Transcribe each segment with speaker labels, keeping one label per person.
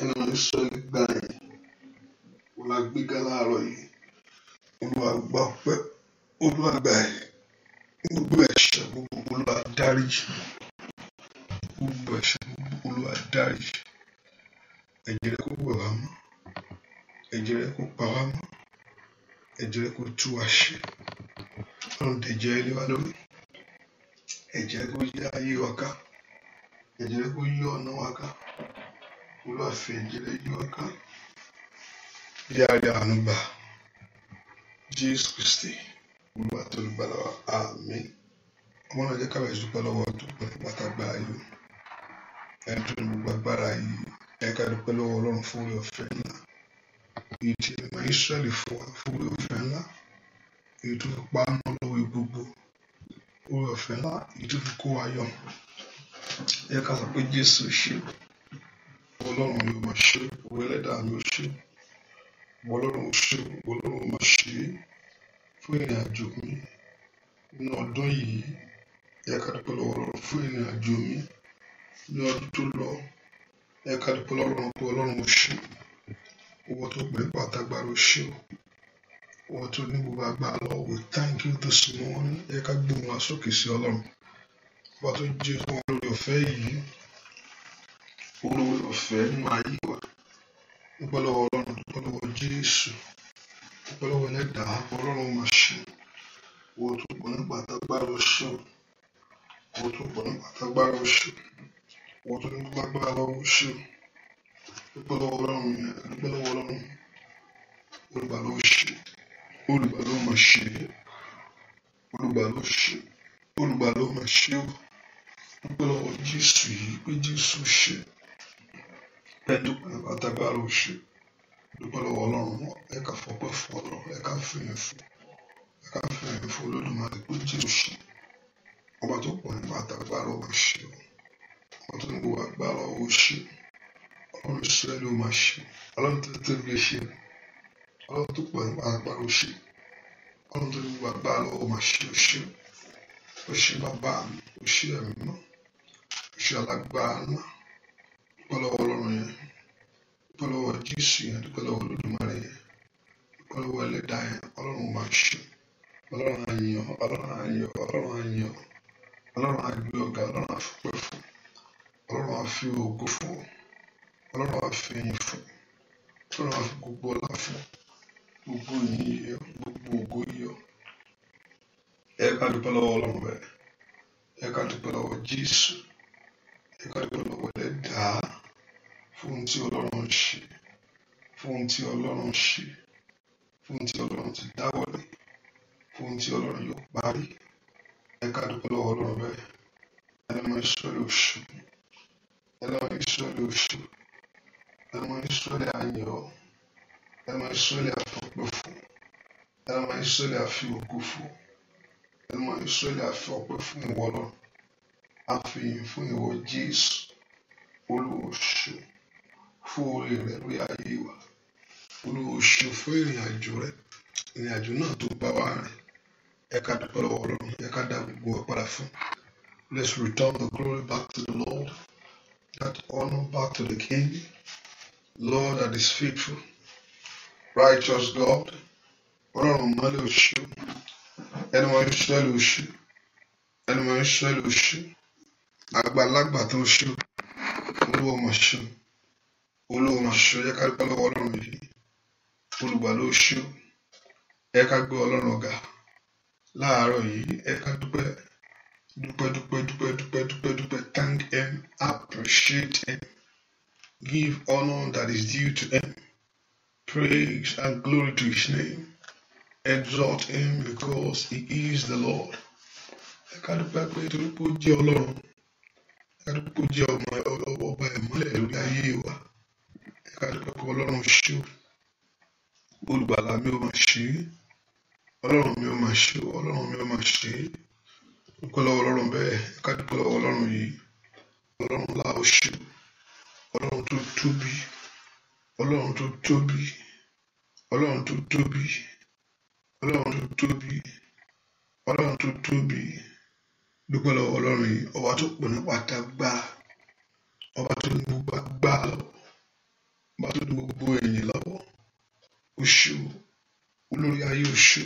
Speaker 1: ẹnu mi ń sọ nígbà yìí wọn la gbéga láàárọ̀ yìí olúwa gbà ọpẹ́ olúwa gbà yìí gbogbo ẹ̀ṣẹ̀ gbogbo olúwa dáríjì gbogbo ẹ̀ṣẹ̀ gbogbo olúwa dáríjì ẹ̀jẹ̀ rẹ̀ kó gbà wá mọ́ ẹ̀jẹ̀ rẹ̀ kó pa wá mọ́ ẹ̀jẹ̀ tú wa ṣe ọrùn tẹjẹ ilé wa lórí ẹ̀jẹ̀ rẹ̀ kó yí ayé wa ká ẹ̀jẹ̀ rẹ̀ kó yí ọ̀nà wa ká ulafenjele yonka yari anuba Jésù Kristi Olúwa tó ní gbàlàwà àmín ọmọ náà jẹ́ kábẹ̀ ìdúpẹ́ lọ́wọ́ tó dúpẹ́ fún pátágbá yìí ẹni tó ní gbogbo agbára yìí ẹ̀ka dúpẹ́ lọ́wọ́ Ọlọ́run fún orí ọ̀fẹ́ ńlá èyí tí ìmọ̀ Ísírẹ́lì fún wa fún orí ọ̀fẹ́ ńlá èyí tó fi pa á mọ́ lọ́wọ́ gbogbo orí ọ̀fẹ́ ńlá èyí tó fi kó wa yọ ẹ̀ka sọ pé Jésù ṣe ọlọ́run yóò máa ṣe òwe ẹlẹ́dàá mi ó ṣe ọlọ́run ó ṣe ọlọ́run ó máa ṣe fún ìrìn àjò mi nínú ọdún yìí ẹ ká dúpẹ́ lọ́wọ́ ọlọ́run fún ìrìn àjò mi ní ọdún tó lọ ẹ ká dúpẹ́ lọ́wọ́ ọlọ́run ó ṣe owó tó pè é ó ṣe owó tó ní gbogbo agbára lọ́wọ́ we thank you this morning ẹ ká gbóhùn asókè sí ọlọ́run wọ́n tó jẹ́ fún wa lórí ọ̀fẹ́ yìí oore ọ̀fẹ́ nínú ayé wa dúpẹ́ lọ́wọ́ ọlọ́run dúpẹ́ lọ́wọ́ jésù dúpẹ́ lọ́wọ́ ẹlẹ́dàá ọlọ́run mà ṣe wo tó pọ̀ nípa tágbára oṣù wo tó pọ̀ nípa tágbára oṣù wo tó nípa tágbára oṣù dúpẹ́ lọ́wọ́ ọlọ́run dúpẹ́ lọ́wọ́ ọlọ́run olùgbàlà oṣù olùgbàlà mà ṣe olùgbàlà oṣù olùgbàlà mà ṣe o dúpẹ́ lọ́wọ́ jésù yìí pé jésù ṣe ẹ dúpẹ́ atágbára ò ṣe dúpẹ́ lọ́wọ́ ọlọ́run ẹ ká fọpẹ́ fún ọlọ́run ẹ ká fìyìn fún ẹ ká fìyìn fún olódùmarè pé jésù ṣe ọba tó pọ̀ nípa atágbára ò ṣe ọba tó ní gbogbo agbára ò ṣe ọlọ́run ìsúlẹ̀lì ò máa ṣe ọlọ́run tó tó lè ṣe ọlọ́run tó pọ̀ nípa agbára ò ṣe ọlọ́run tó ní gbogbo agbára ò máa ṣe ò ṣe ò ṣe bàbá mi ò ṣe ẹ̀mí mọ́ ò ṣe alágbára náà dúpẹ́ lọ́wọ́ jésù yẹn dúpẹ́ lọ́wọ́ olódùmarè yẹn dúpẹ́ lọ́wọ́ ẹlẹ́dàá yẹn ọlọ́run máa ṣe ọlọ́run àyàn ọlọ́run àyàn ọlọ́run àyàn ọlọ́run àgbẹ̀ ọ̀gá ọlọ́run àfipẹ́ fún ọlọ́run àfi ògo fún ọlọ́run àfi ẹ̀yìn fún ọlọ́run àfi gbogbo ọlá fún gbogbo ìyìn yẹ gbogbo ògo yẹ ẹ ká dúpẹ́ lọ́wọ́ ọlọ́run bẹ́ẹ̀ ẹ ká dúpẹ́ lọ́wọ́ jésù ẹ ká dúpẹ́ lọ́wọ́ ẹlẹ́dàá fún ohun tí ọlọ́run ń ṣe fún ohun tí ọlọ́run ṣe fún ohun tí ọlọ́run ti dáwọ́lé fún ohun tí ọlọ́run yóò parí ẹ̀ka dúpẹ́ lọ́wọ́ ọlọ́run bẹ́ẹ̀ ẹlẹ́mọ ìṣọ̀lẹ̀ oṣù ẹlẹ́mọ ìṣọ̀lẹ̀ oṣù ẹlẹ́mọ ìṣọ̀lẹ̀ ayọ̀ ẹlẹ́mọ ìṣọ̀lẹ̀ àfọ̀pẹ́ fún ẹlẹ́mọ ìṣọ̀lẹ̀ àfi ògo fún ẹlẹ́mọ ìṣọ̀lẹ̀ àfi ọpẹ́ fún ìwọ lọ àfihàn fún ìwọ Jésù olùwòṣù fún orí rẹ̀ lórí ayé wa olúwo fún ìrìn àjò rẹ ìrìn àjò náà tó bá wa rìn ẹ ká dúpẹ́ lọ́wọ́ ọlọ́run ẹ ká dá gbogbo ẹ padà fún let's return the glory back to the lord that honor back to the king lord that is faithful righteous god ọlọ́run mọ́lẹ̀ òṣù ẹni mọ́ ìṣẹ́lẹ̀ òṣù ẹni mọ́ ìṣẹ́lẹ̀ òṣù àgbàlagbà tó ṣù olúwo mọ̀ ṣù olúwo mọ̀ ṣù ẹ ká dúpẹ́ lọ́wọ́ ọlọ́run yìí. olùgbà ló ṣú ẹ ká gbé ọlọ́run ọ̀gá láàárọ̀ yìí ẹ ká dúpẹ́ dúpẹ́ dúpẹ́ dúpẹ́ dúpẹ́ dúpẹ́ dúpẹ́ thank him appreciate him give honour that is due to him praise and glory to his name exalt him because he is the Lord ẹ ká dúpẹ́ pé torí pé ó jẹ́ ọlọ́run ẹ ká dúpẹ́ pé ó jẹ́ ọba ìmọ́lẹ̀ lórí ayé wa ẹ ká dúpẹ́ pé ọlọ́run ṣú. olùgbàlà mi ó máa ṣe ọlọ́run mi ó máa ṣe ọlọ́run mi ó máa ṣe é dúpẹ́ lọ́wọ́ ọlọ́run bẹ́ẹ̀ ká dúpẹ́ lọ́wọ́ ọlọ́run yìí ọlọ́run ńlá ó ṣe ọlọ́run tó tóbi ọlọ́run tó tóbi ọlọ́run tó tóbi ọlọ́run tó tóbi ọlọ́run tó tóbi dúpẹ́ lọ́wọ́ ọlọ́run yìí ọba tó pọ̀ nípa tá gbá ọba tó ní gbogbo agbá lọ ọba tó ní gbogbo ẹ̀yìn lọ́wọ́ oṣù olórí ayé oṣù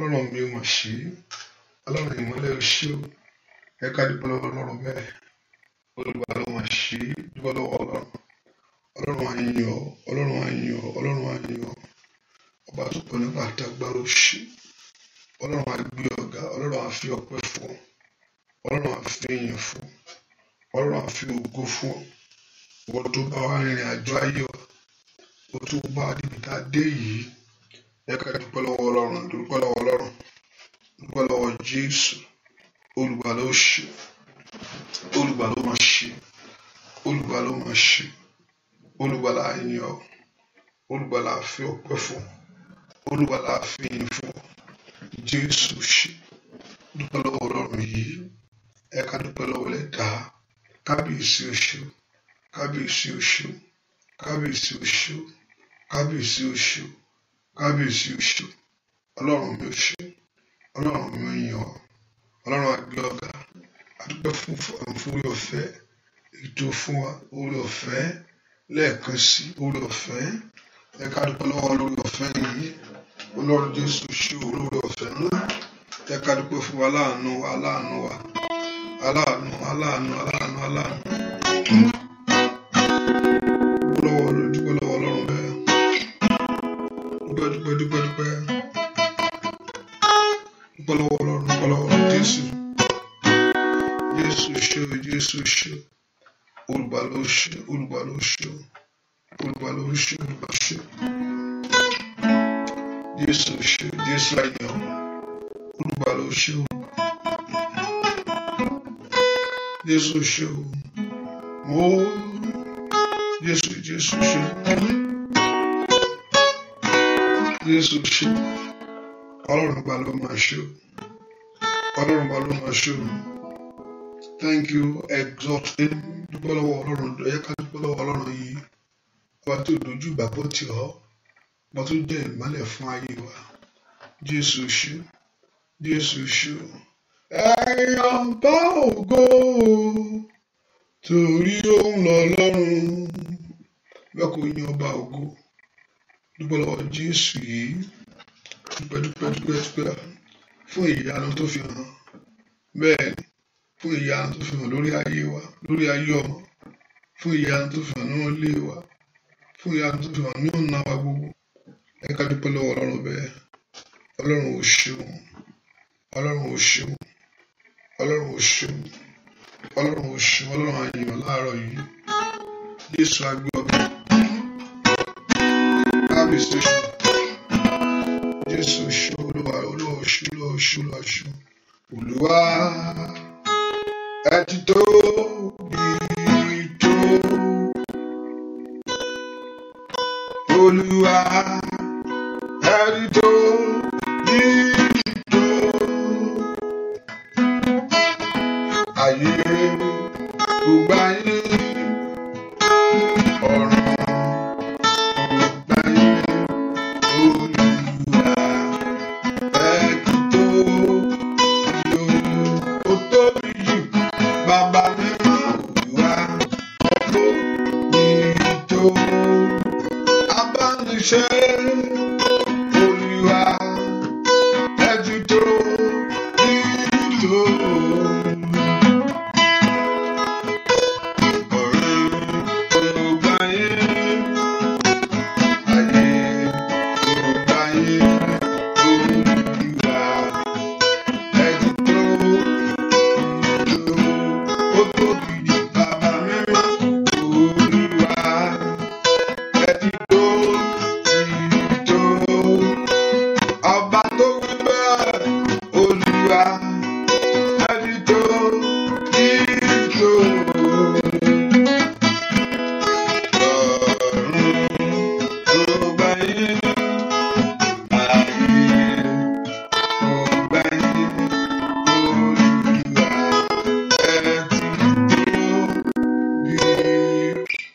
Speaker 1: ọlọ́run mi ò mọ̀ sí ọlọ́run ìmọ́lẹ̀ oṣù ẹ̀ka dúpẹ́ lọ́wọ́ ọlọ́run bẹ́ẹ̀ olùgbà ló mọ̀ sí dúpẹ́ lọ́wọ́ ọlọ́run ọlọ́run àyàn ọlọ́run àyàn ọlọ́run àyàn ọba tó pọ̀ nípa àtàgbára oṣù ọlọ́run àgbé ọ̀gá ọlọ́run àfi ọpẹ́ fún ọlọ́run àfi ìyìn fún ọlọ́run àfi ògo fún ọ ìwọ tó bá wà rìnrìn àjò ayé ọ mo tún bá débi tá a dé yìí ẹ ká dúpẹ́ lọ́wọ́ ọlọ́run dúpẹ́ lọ́wọ́ ọlọ́run dúpẹ́ lọ́wọ́ jésù olùgbà ló ṣe olùgbà ló máa ṣe olùgbà ló máa ṣe olùgbà là á yìn ọpẹ́ fún olùgbà là á fún jésù ṣe dúpẹ́ lọ́wọ́ ọlọ́run yìí ẹ dúpẹ́ lọ́wọ́ ẹlẹ́dàá kábíyèsí o kábíyèsí o kábíyèsí o kábíyèsí ó ṣé kábíyèsí ó ṣé ọlọ́run mi ó ṣé ọlọ́run mi ó yìn ọ́ ọlọ́run àgbẹ̀ ọ̀gá adúpẹ́ fún orí ọ̀fẹ́ ètò fún wa orí ọ̀fẹ́ lẹ́ẹ̀kan sí orí ọ̀fẹ́ ẹ ká lọ́wọ́ lórí ọ̀fẹ́ yìí ọlọ́run jésù ṣé olórí ọ̀fẹ́ ńlá ẹ ká fún wa aláàánú aláàánú wa aláàánú aláàánú aláàánú aláàánú. ṣe olùgbà ló ṣe olùgbà ló ṣe olùgbà ló ṣe olùgbà ṣe jésù ṣe jésù àyàn olùgbà ló ṣe o jésù thank you Exhort him dúpẹ́ lọ́wọ́ ọlọ́run ẹ jẹ́ ká dúpẹ́ lọ́wọ́ ọlọ́run yìí ọba tí ò dojú ìgbàgbọ́ tì ọ́ ọba tó jẹ́ ìmọ́lẹ̀ fún ayé wa jésù ṣú jésù ṣú ẹ̀yàn bá ògo torí òun lọ lọ́run bẹ́ẹ̀ kò yan ọba ògo dúpẹ́ lọ́wọ́ jésù yìí dúpẹ́ dúpẹ́ dúpẹ́ dúpẹ́ fún ìyanu tó fi hàn bẹ́ẹ̀ ni fún ìyá tó fi hàn lórí ayé wa lórí ayé ọmọ fún ìyá tó fi hàn nínú ilé wa fún ìyá tó fi hàn ní ọ̀nà wa gbogbo ẹ ká dúpẹ́ lọ́wọ́ ọlọ́run bẹ́ẹ̀ ọlọ́run ò ṣeun ọlọ́run ò ṣeun ọlọ́run ò ṣeun ọlọ́run ò ṣeun ọlọ́run àyàn láàárọ̀ yìí jésù agbé ọbẹ̀ kábíyèsí ṣe jésù ṣe olúwa olúwa ṣe olúwa ṣe olúwa ṣe olúwa ẹtì tó bí olúwa ẹtì tó.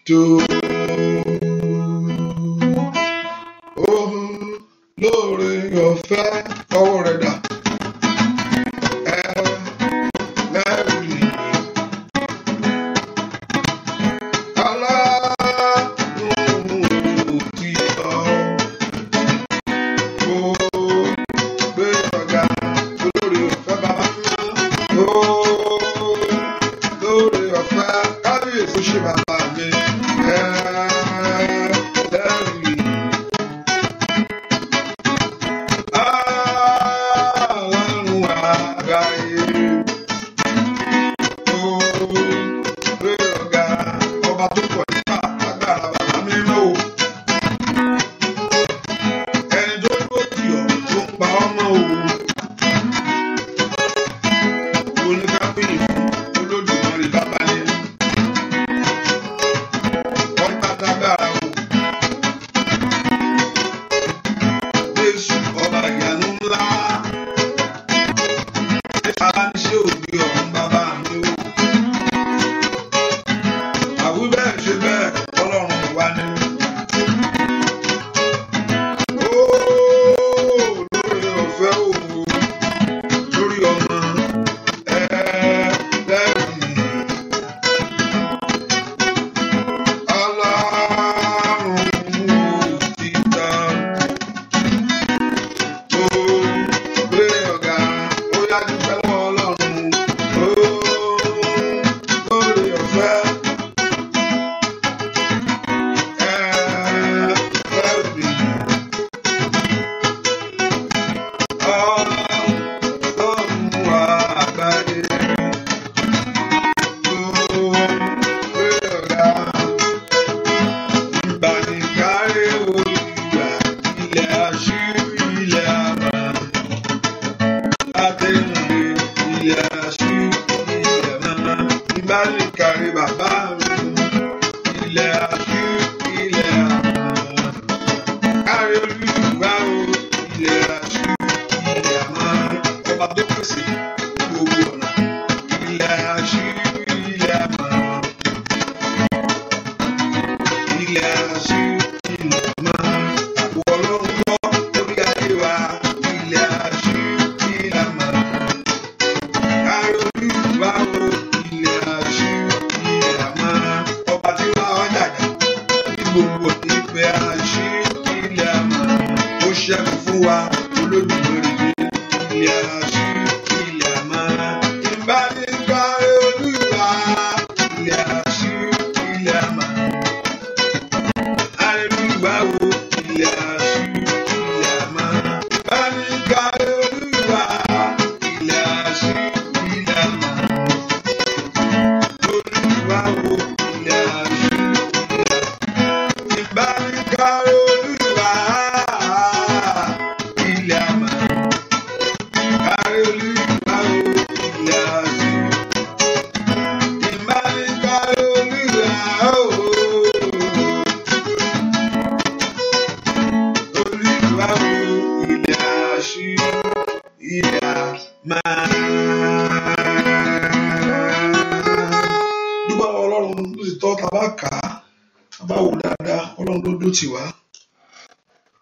Speaker 1: to tá a bá kà á tá a bá wò dáadáa ọlọ́run ló dó tì wá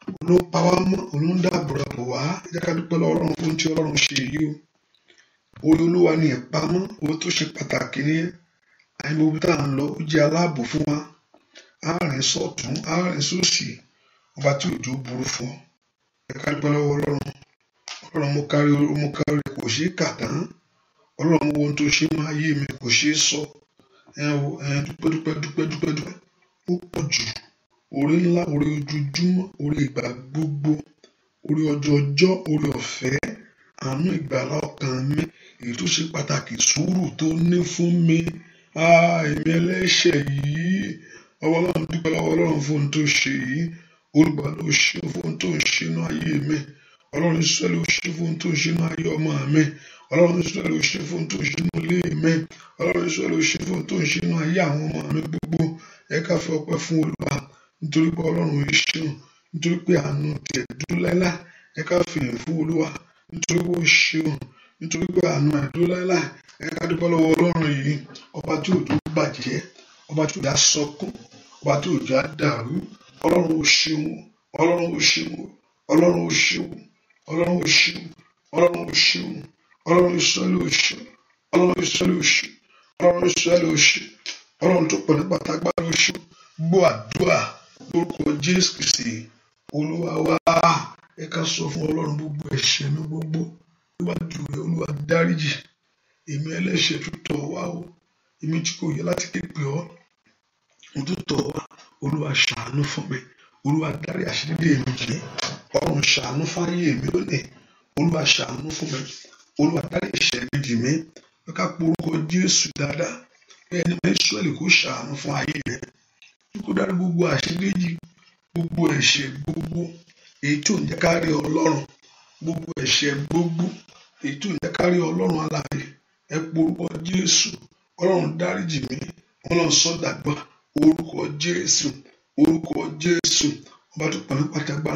Speaker 1: òun ló pa wá mọ́ òun ń dáàbò bò wá ẹ dúpẹ́ lọ́wọ́ ọlọ́run fún tí ọlọ́run ṣe yìí o orí olúwa ni ìpamọ́ owó tó ṣe pàtàkì ní àìmọ̀bí tá à ń lọ ó jẹ́ aláàbò fún wa àárín sọ̀tún àárín sósì ọba tí òjò burú fún ẹ ká dúpẹ́ lọ́wọ́ ọlọ́run ọlọ́run mo kárí mo kárí kò ṣeé kà tán ọlọ́run wo ohun tó ṣe máa yé mi kò ṣeé sọ. So ẹ o ẹ dúpẹ́ dúpẹ́ dúpẹ́ dúpẹ́ dúpẹ́ ó pọ̀ jù orí ńlá orí ojoojúmọ́ orí ìgbà gbogbo orí ọjọ́ ọjọ́ orí ọ̀fẹ́ àánú ìgbàlá ọkàn mi èyí tó ṣe pàtàkì sùúrù tó ní fún mi èmi ẹlẹ́ṣẹ̀ yìí ọwọ́ ọlọ́run dúpẹ́ lọ́wọ́ ọlọ́run fún ohun tó ṣe yìí olùgbà ló ṣe fún ohun tó ṣe inú ayé mi ọlọ́run sọ́lé ó ṣe fún ohun tó ṣe inú ayé ọmọ mi ọlọ́run tó ṣe lórí ṣe fún tó ṣe nínú ilé mi ọlọ́run tó ṣe lórí ṣe fún tó ṣe nínú ayé àwọn ọmọ mi gbogbo ẹ ká fi fun fún olúwa nítorí pé ọlọ́run yìí ṣeun nítorí pé àánú tẹ̀ dúláìlá ẹ ká fi hàn fún nítorí pé ó ṣeun ọba tí òjò ọba tí òjò ọba tí òjò ṣeun ọlọ́run ní solution ọlọ́run ní solution ọlọ́run ní solution ọlọ́run tó pọ̀ nípa tágbára oṣù gbọ́ àdúrà lórúkọ jésù kristi olúwa wa ẹ ká sọ fún ọlọ́run gbogbo ẹ̀ṣẹ̀ mi gbogbo níwájú rẹ̀ olúwa dáríjì èmi ẹlẹ́ṣẹ̀ tó tọ̀ wá o èmi tí kò yẹ láti képe ọ́ mo tó tọ̀ wá olúwa ṣàánú fún mi olúwa dárí àṣírí dè mí jì ọ̀run ṣàánú fáyé mi lónìí olúwa ṣàánú fún mi olúwa dárí ẹ̀ṣẹ̀ méjì mi pé ká porúkọ jésù dáadáa pé ẹni mọ israẹli kó ṣàánú fún ayé rẹ bí kò dárí gbogbo àṣíríjì gbogbo ẹ̀ṣẹ̀ gbogbo èyí tó ń jẹ́ ká rí ọlọ́run gbogbo ẹ̀ṣẹ̀ gbogbo èyí tó ń jẹ́ ká rí ọlọ́run alààyè ẹ porúkọ jésù ọlọ́run dáríjì mi ọlọ́run sọ́dàgbà orúkọ jésù orúkọ jésù ọba tó pàmí pàtàgbà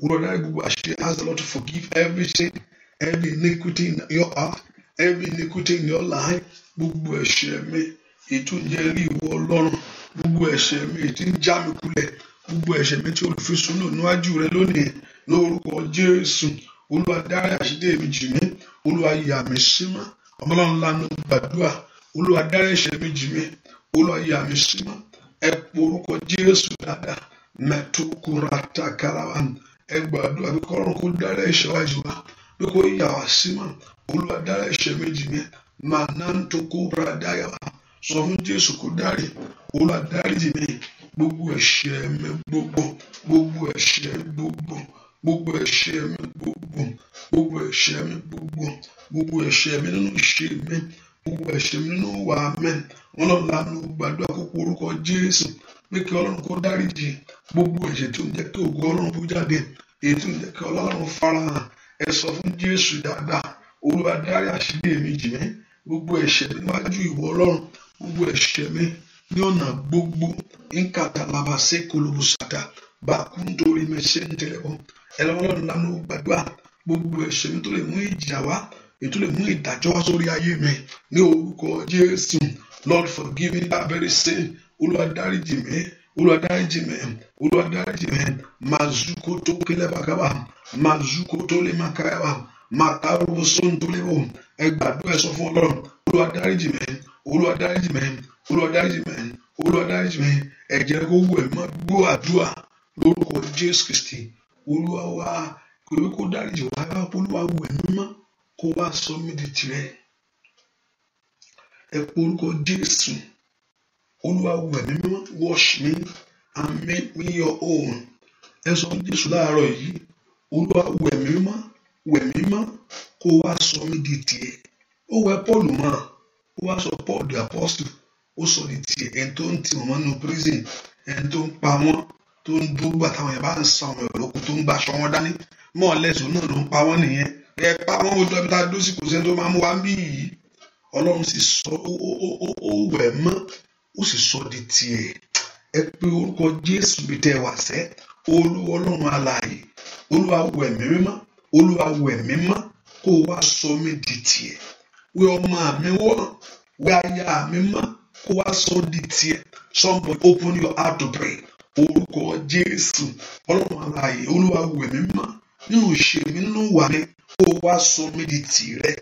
Speaker 1: wúrọ̀ dárí gbogbo àṣírí ask the Lord to forgive everything every iniquity in your heart every iniquity in your life gbogbo ẹ̀ṣẹ̀ mi ìtúnjẹ rí ìwọ Ọlọ́run gbogbo ẹ̀ṣẹ̀ mi tí ń já mi kulẹ̀ gbogbo ẹ̀ṣẹ̀ mi tí olùfisùn lò níwájú rẹ lónìí lórúkọ Jésù Olúwa dárí àṣídé mi jì mí Olúwa yà mí sí mọ́ ọmọláwọn lanu gbàdúrà Olúwa dárí ẹ̀ṣẹ̀ mi jì mí Olúwa yà mí ẹ po Jésù dáadáa mẹtukura takarawa ẹ gbàdúrà kí Ọlọ́run kó dárí ẹ̀ṣẹ̀ wájú wa. wípé ìyá wa sí mà olúwa dára ẹ̀ṣẹ̀ méjì mi ma náà ń tó kó bra dáyà wa sọ fún jésù kó dárí olúwa dáríjì gbogbo ẹ̀ṣẹ̀ gbogbo gbogbo ẹ̀ṣẹ̀ gbogbo gbogbo ẹ̀ṣẹ̀ mi gbogbo gbogbo ẹ̀ṣẹ̀ gbogbo gbogbo ẹ̀ṣẹ̀ mi nínú gbogbo ẹ̀ṣẹ̀ mi nínú wà mẹ gbogbo ẹ̀ṣẹ̀ tó ń jẹ́ kí ẹ sọ fún Jésù dáadáa Olúwa dárí àṣírí èmi jì mí gbogbo ẹ̀ṣẹ̀ mi níwájú ìwọ Ọlọ́run gbogbo ẹ̀ṣẹ̀ mi ní ọ̀nà gbogbo nkàtà labàṣẹ kolobusata bá kú nítorí mẹsẹ ń tẹlẹ wọn ẹlọmọlọrun lánàá gbàdúrà gbogbo ẹ̀ṣẹ̀ mi tó lè mú ìjà wá ètò lè mú ìdájọ́ wá sórí ayé mi ní orúkọ Jésù Lord forgive me that very sin Olúwa dáríjì mí E Olúwa e dáríjì e mi Olúwa dáríjì mi mazuko tó kélẹ́ bàkàbà mazuko tó lè má káyàbà màkàrúbù sóńtólébò ẹgbàdúrà sọ fún Ọlọ́run Olúwa dáríjì mi Olúwa dáríjì mi Olúwa dáríjì mi Olúwa dáríjì mi ẹ̀jẹ̀ kó wù ẹ́ má gbọ́ àdúrà lórúkọ Jésù Kristi Olúwa wa pẹ̀lú kó dáríjì sọ mí di tirẹ̀ ẹ pe orúkọ olúwa wẹ̀ mí mọ́ wash me and make me your own ẹ sọ fún jésù láàárọ̀ yìí olúwa wẹ̀ mí mọ́ wẹ̀ mí mọ́ kó wá sọ mí di tìẹ ó wẹ paul mọ́ ó wá sọ paul the apostle ó sọ di tìẹ ẹni tó ń tì wọ́n nínú prison ẹni tó ń pa wọ́n tó ń dúgbà táwọn yẹn bá ń sa àwọn èrò kó tó ń gbaṣọ wọn dání mọ́ọ̀lẹ́sọ náà ló ń pa wọ́n nìyẹn ẹ pa wọ́n ó dọ́bi tá a dó sí kò sẹ́ni tó máa mú wa ń bí yìí ọlọ́run sì sọ ó wẹ̀ mọ́ ó sì sọ di tiẹ̀ ẹ pé orúkọ jésù bíi tẹ́ wà sẹ́ olúwa ọlọ́run alààyè olúwa wọ ẹ̀mí mímọ́ olúwa wọ ẹ̀mí mímọ́ kó o wá sọ mí di tiẹ̀ wẹ ọmọ mi wọ́n wẹ aya mi mọ́ kó o wá sọ di tiẹ̀ somebody open your heart to pray orúkọ jésù ọlọ́run alààyè olúwa wọ ẹ̀mí mímọ́ nínú ìṣèlú nínú wà mí kó o wá sọ mí di tìrẹ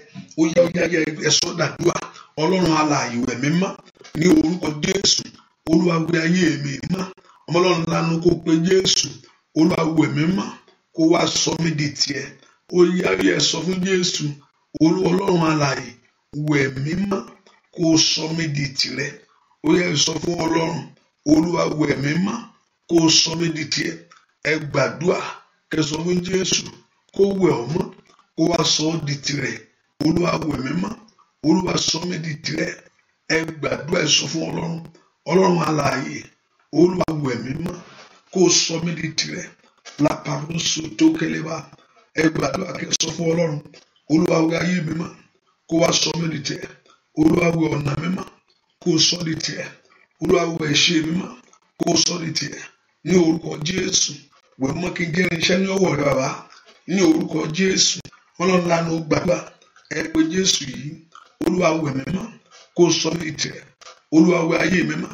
Speaker 1: ó yá ó yá ẹ sọ dàdúrà ọlọ́run alààyè wẹ̀ mí mọ́ ní orúkọ jésù olúwa wẹ̀ ayé mi mọ́ ọmọlọ́run lanu kó pe jésù olúwa wẹ̀ mí mọ́ kó wá sọ mí di tiẹ̀ ó yá yẹ sọ fún jésù olúwa ọlọ́run alààyè wẹ̀ mí mọ́ kó sọ mí di tirẹ̀ ó yá sọ fún ọlọ́run olúwa wẹ̀ mí mọ́ kó sọ mí di tiẹ̀ ẹ gbàdúrà kẹ́ sọ fún jésù kó wẹ̀ ọ́ mọ́ kó wá sọ ọ́ di tirẹ̀ olúwa wẹ̀ mí olúwa sọ mí di tirẹ̀ ẹ gbàdúrà ẹ sọ fún ọlọ́run ọlọ́run alààyè olúwa wẹ̀ mí mọ́ kó o sọ mí di tirẹ̀ lápárùsù tó kẹlẹ́ bá ẹ gbàdúrà kẹ sọ fún ọlọ́run olúwa wẹ̀ ayé mi mọ́ kó wá sọ mí di tirẹ̀ olúwa wẹ̀ ọ̀nà mi mọ́ kó o sọ di tirẹ̀ olúwa wẹ̀ ẹ̀ṣẹ̀ mi mọ́ kó o sọ di tirẹ̀ ní orúkọ jésù wẹ̀ mọ́ kí n jẹ́ irinṣẹ́ ní ọwọ́ rẹ bàbá ní orúkọ jésù ọlọ́run lánàá gbàgbà ẹ pé jésù yìí olúwa wẹ̀ mímọ́ kó sọ mí ní tìrẹ olúwa wẹ̀ ayé mímọ́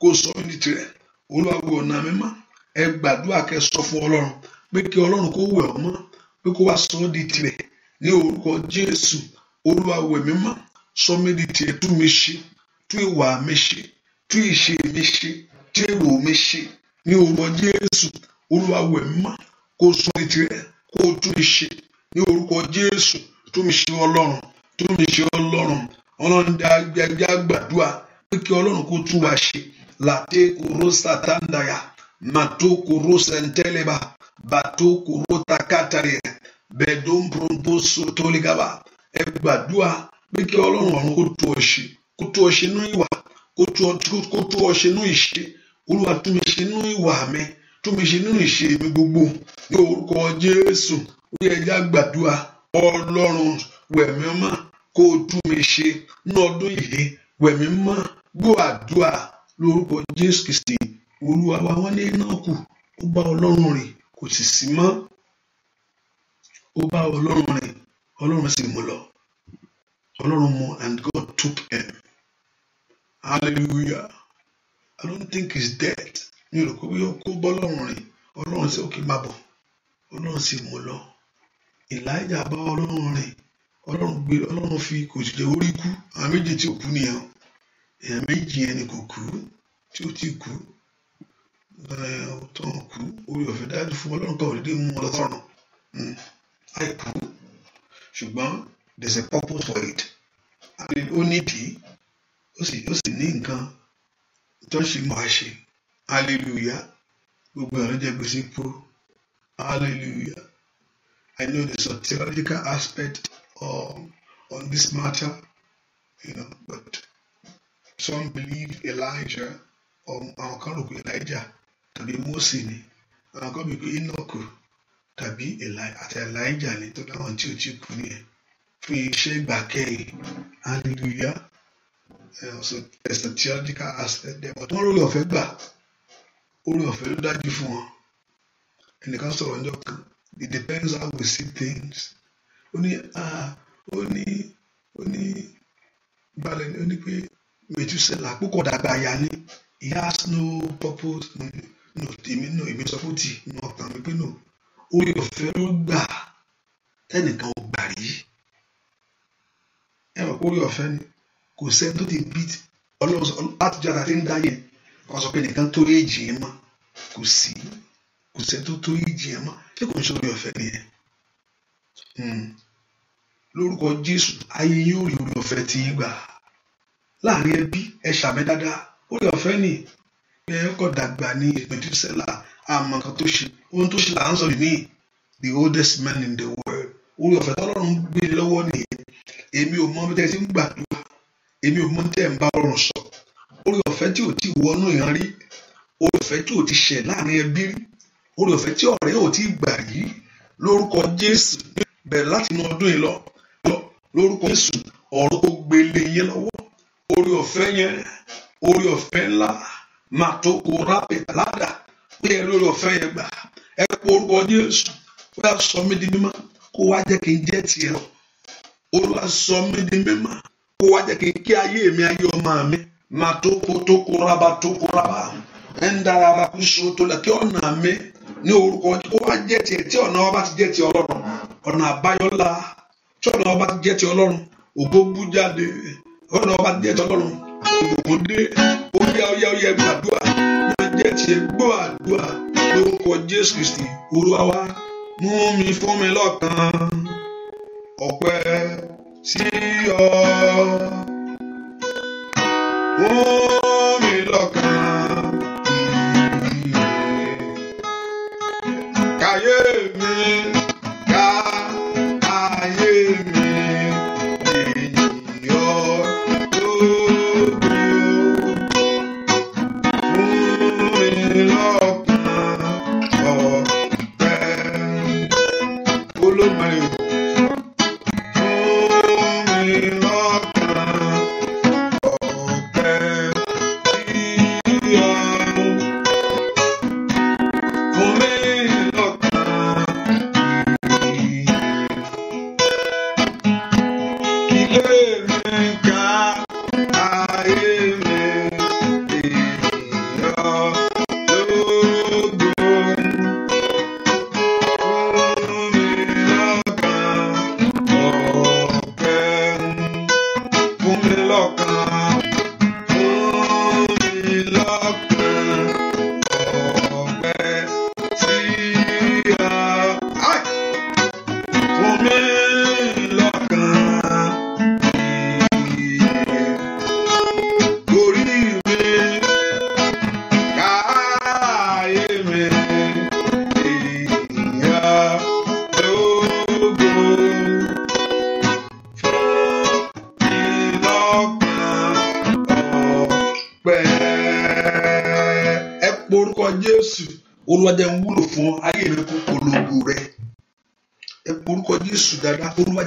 Speaker 1: kó sọ mí ní tìrẹ olúwa wẹ̀ ọ̀nà mímọ́ ẹ gbàdúrà kẹ́ sọ fún ọlọ́run pé kí ọlọ́run kó wẹ̀ ọ́ mọ́ pé kó wá sọ ọ́ di tirẹ̀ ní orúkọ jésù olúwa wẹ̀ mímọ́ sọ mí di tirẹ̀ tú mi ṣe tú ìwà mi ṣe tú ìṣe mi ṣe tú èrò mi ṣe ní orúkọ jésù olúwa wẹ̀ mímọ́ kó sọ di tirẹ̀ kó tú mi ní orúkọ jésù tú mi ṣe ọlọ́run tó lè ṣe ọlọ́run ọlọ́run dájá gbàdúrà pé kí ọlọ́run kó tún wá ṣe làtẹ kóró sàtàndàyà màtó kóró sẹ̀ńtẹ́lẹ̀bà bàtó kóró takátàyẹ bẹ̀ẹ́dọ́nbọ̀nbó sotólégàbà ẹ gbàdúrà pé kí ọlọ́run ọ̀run kó tún ọ ṣe kó tún ọ ṣe nú ìwà kó tún ọ ṣe nú ìṣe olúwa tún mi ṣe nú ìwà mi tún mi ṣe nú ìṣe mi gbogbo ní orúkọ jésù ó yẹ ẹja gbàdúrà ọlọ́run wẹ̀mí mọ́ kó o tú mi ṣe ní ọdún yìí wẹ̀mí mọ́ gbọ́ àdúrà lórúkọ Jésù Kristi olúwa wa wọ́n ní Énọ́kù ó bá ọlọ́run rìn kò sì sí mọ́ ó bá ọlọ́run rìn ọlọ́run sì mú lọ ọlọ́run mú and God took him hallelujah I don't think he's dead mi ò rò pé ó kó bọ́lọ́run rìn ọlọ́run sì òkè má bọ̀ ọlọ́run sì mú lọ Elijah bá ọlọ́run rìn ọlọ́run gbé ọlọ́run fi kò sì jẹ́ orí kú àwọn méjì tí ò kú nìyẹn èèyàn méjì yẹn ni kò kú tí ó ti kú tọ̀hún kú orí ọ̀fẹ́ dájú fún ọlọ́run kan òdìdí mú ọlọ́tọ̀run àìkú hmm. ṣùgbọ́n there's a purpose for it ó nídìí ó sì ní nǹkan tó ṣe máa ṣe hallelujah gbogbo ẹ̀rọ jẹ́ gbèsè pro hallelujah I know the sociological aspect um, on this matter, you know, but some believe Elijah, um, àwọn kan be pé Elijah tàbí Mósè ni, àwọn kan rò pé Enoch tàbí àti Elijah ni tó dáwọn tí ò tí kú nìyẹn fún iṣẹ́ ìgbà kẹ́yìn hallelujah uh, so there's a theological aspect there but wọ́n lórí ọ̀fẹ́ gbà orí a ló dájú fún wọn ẹnìkan sọ̀rọ̀ ọjọ́ kan it depends how we see things ó ní ó ní ó ní balẹ̀ ni ó ní pé mẹ̀túsẹ́là púpọ̀ dàgbà àyà ni he has no purpose no no èmi no èmi sọ fún ti inú ọkàn mi pé no orí ọ̀fẹ́ ló gbà tẹ́nìkan ò gbà rí ẹ mọ̀ orí ọ̀fẹ́ ni kò sẹ́ni tó ti beat ọlọ́run látijọ́ àti àti ń dáyé wọ́n sọ pé nìkan tó èjì yẹn mọ́ kò sí kò sẹ́ni tó tó èjì yẹn mọ́ ṣé kò ń ṣe orí ọ̀fẹ́ nìyẹn lórúkọ jésù ayé yóò rí orí ọ̀fẹ́ tí yín gbà láàrin ẹbí ẹ ṣàmì dáadáa orí ọ̀fẹ́ ni ẹ kọ dàgbà ní ìpèdísẹlà àmọ́ tó ṣe ohun tó ṣe là ń sọ yìí ní the oldest man in the world orí ọ̀fẹ́ tọ́lọ́run gbé lọ́wọ́ nìyẹn èmi ò mọ bí tẹ́ ti ń gbàdúrà èmi ò mọ bí tẹ́ ń bá ọrùn sọ orí ọ̀fẹ́ tí ò ti wọnú ìran rí orí ọ̀fẹ́ tí ò ti ṣẹ̀ láàrin ẹbí rí orí ọ̀fẹ́ tí ọ̀rẹ́ ò ti gbà yìí lórúkọ jésù bẹ̀rẹ̀ látinú ọdún yìí lọ lórúkọ Jésù ọ̀rọ̀ kò gbélé yín lọ́wọ́ orí ọ̀fẹ́ yẹn orí ọ̀fẹ́ ńlá màtókò rábìtàládà pé ẹ lórí ọ̀fẹ́ yẹn gbà ẹ orúkọ Jésù sọ mí di mímọ́ kó wá jẹ́ kí n jẹ́ tiẹ̀ lọ Olúwa sọ mí di mímọ́ kó wá jẹ́ kí n kí ayé mi ayé ọmọ mi rábà rábà ń dára kú so tó kí ọ̀nà orúkọ kó wá jẹ́ tiẹ̀ tí sọ́nà ọba ti jẹ́ ti ọlọ́run ògo bú jáde ọ̀nà ọba ti jẹ́ ti ọlọ́run ògùn dé óyá óyá óyá ẹgbẹ́ àdúrà máa jẹ́ ti ẹgbẹ́ àdúrà lórúkọ Jésù Kristi Olúwa wa mú mi fún mi lọ́kàn ọpẹ́ sí ọ mú mi lọ́kàn.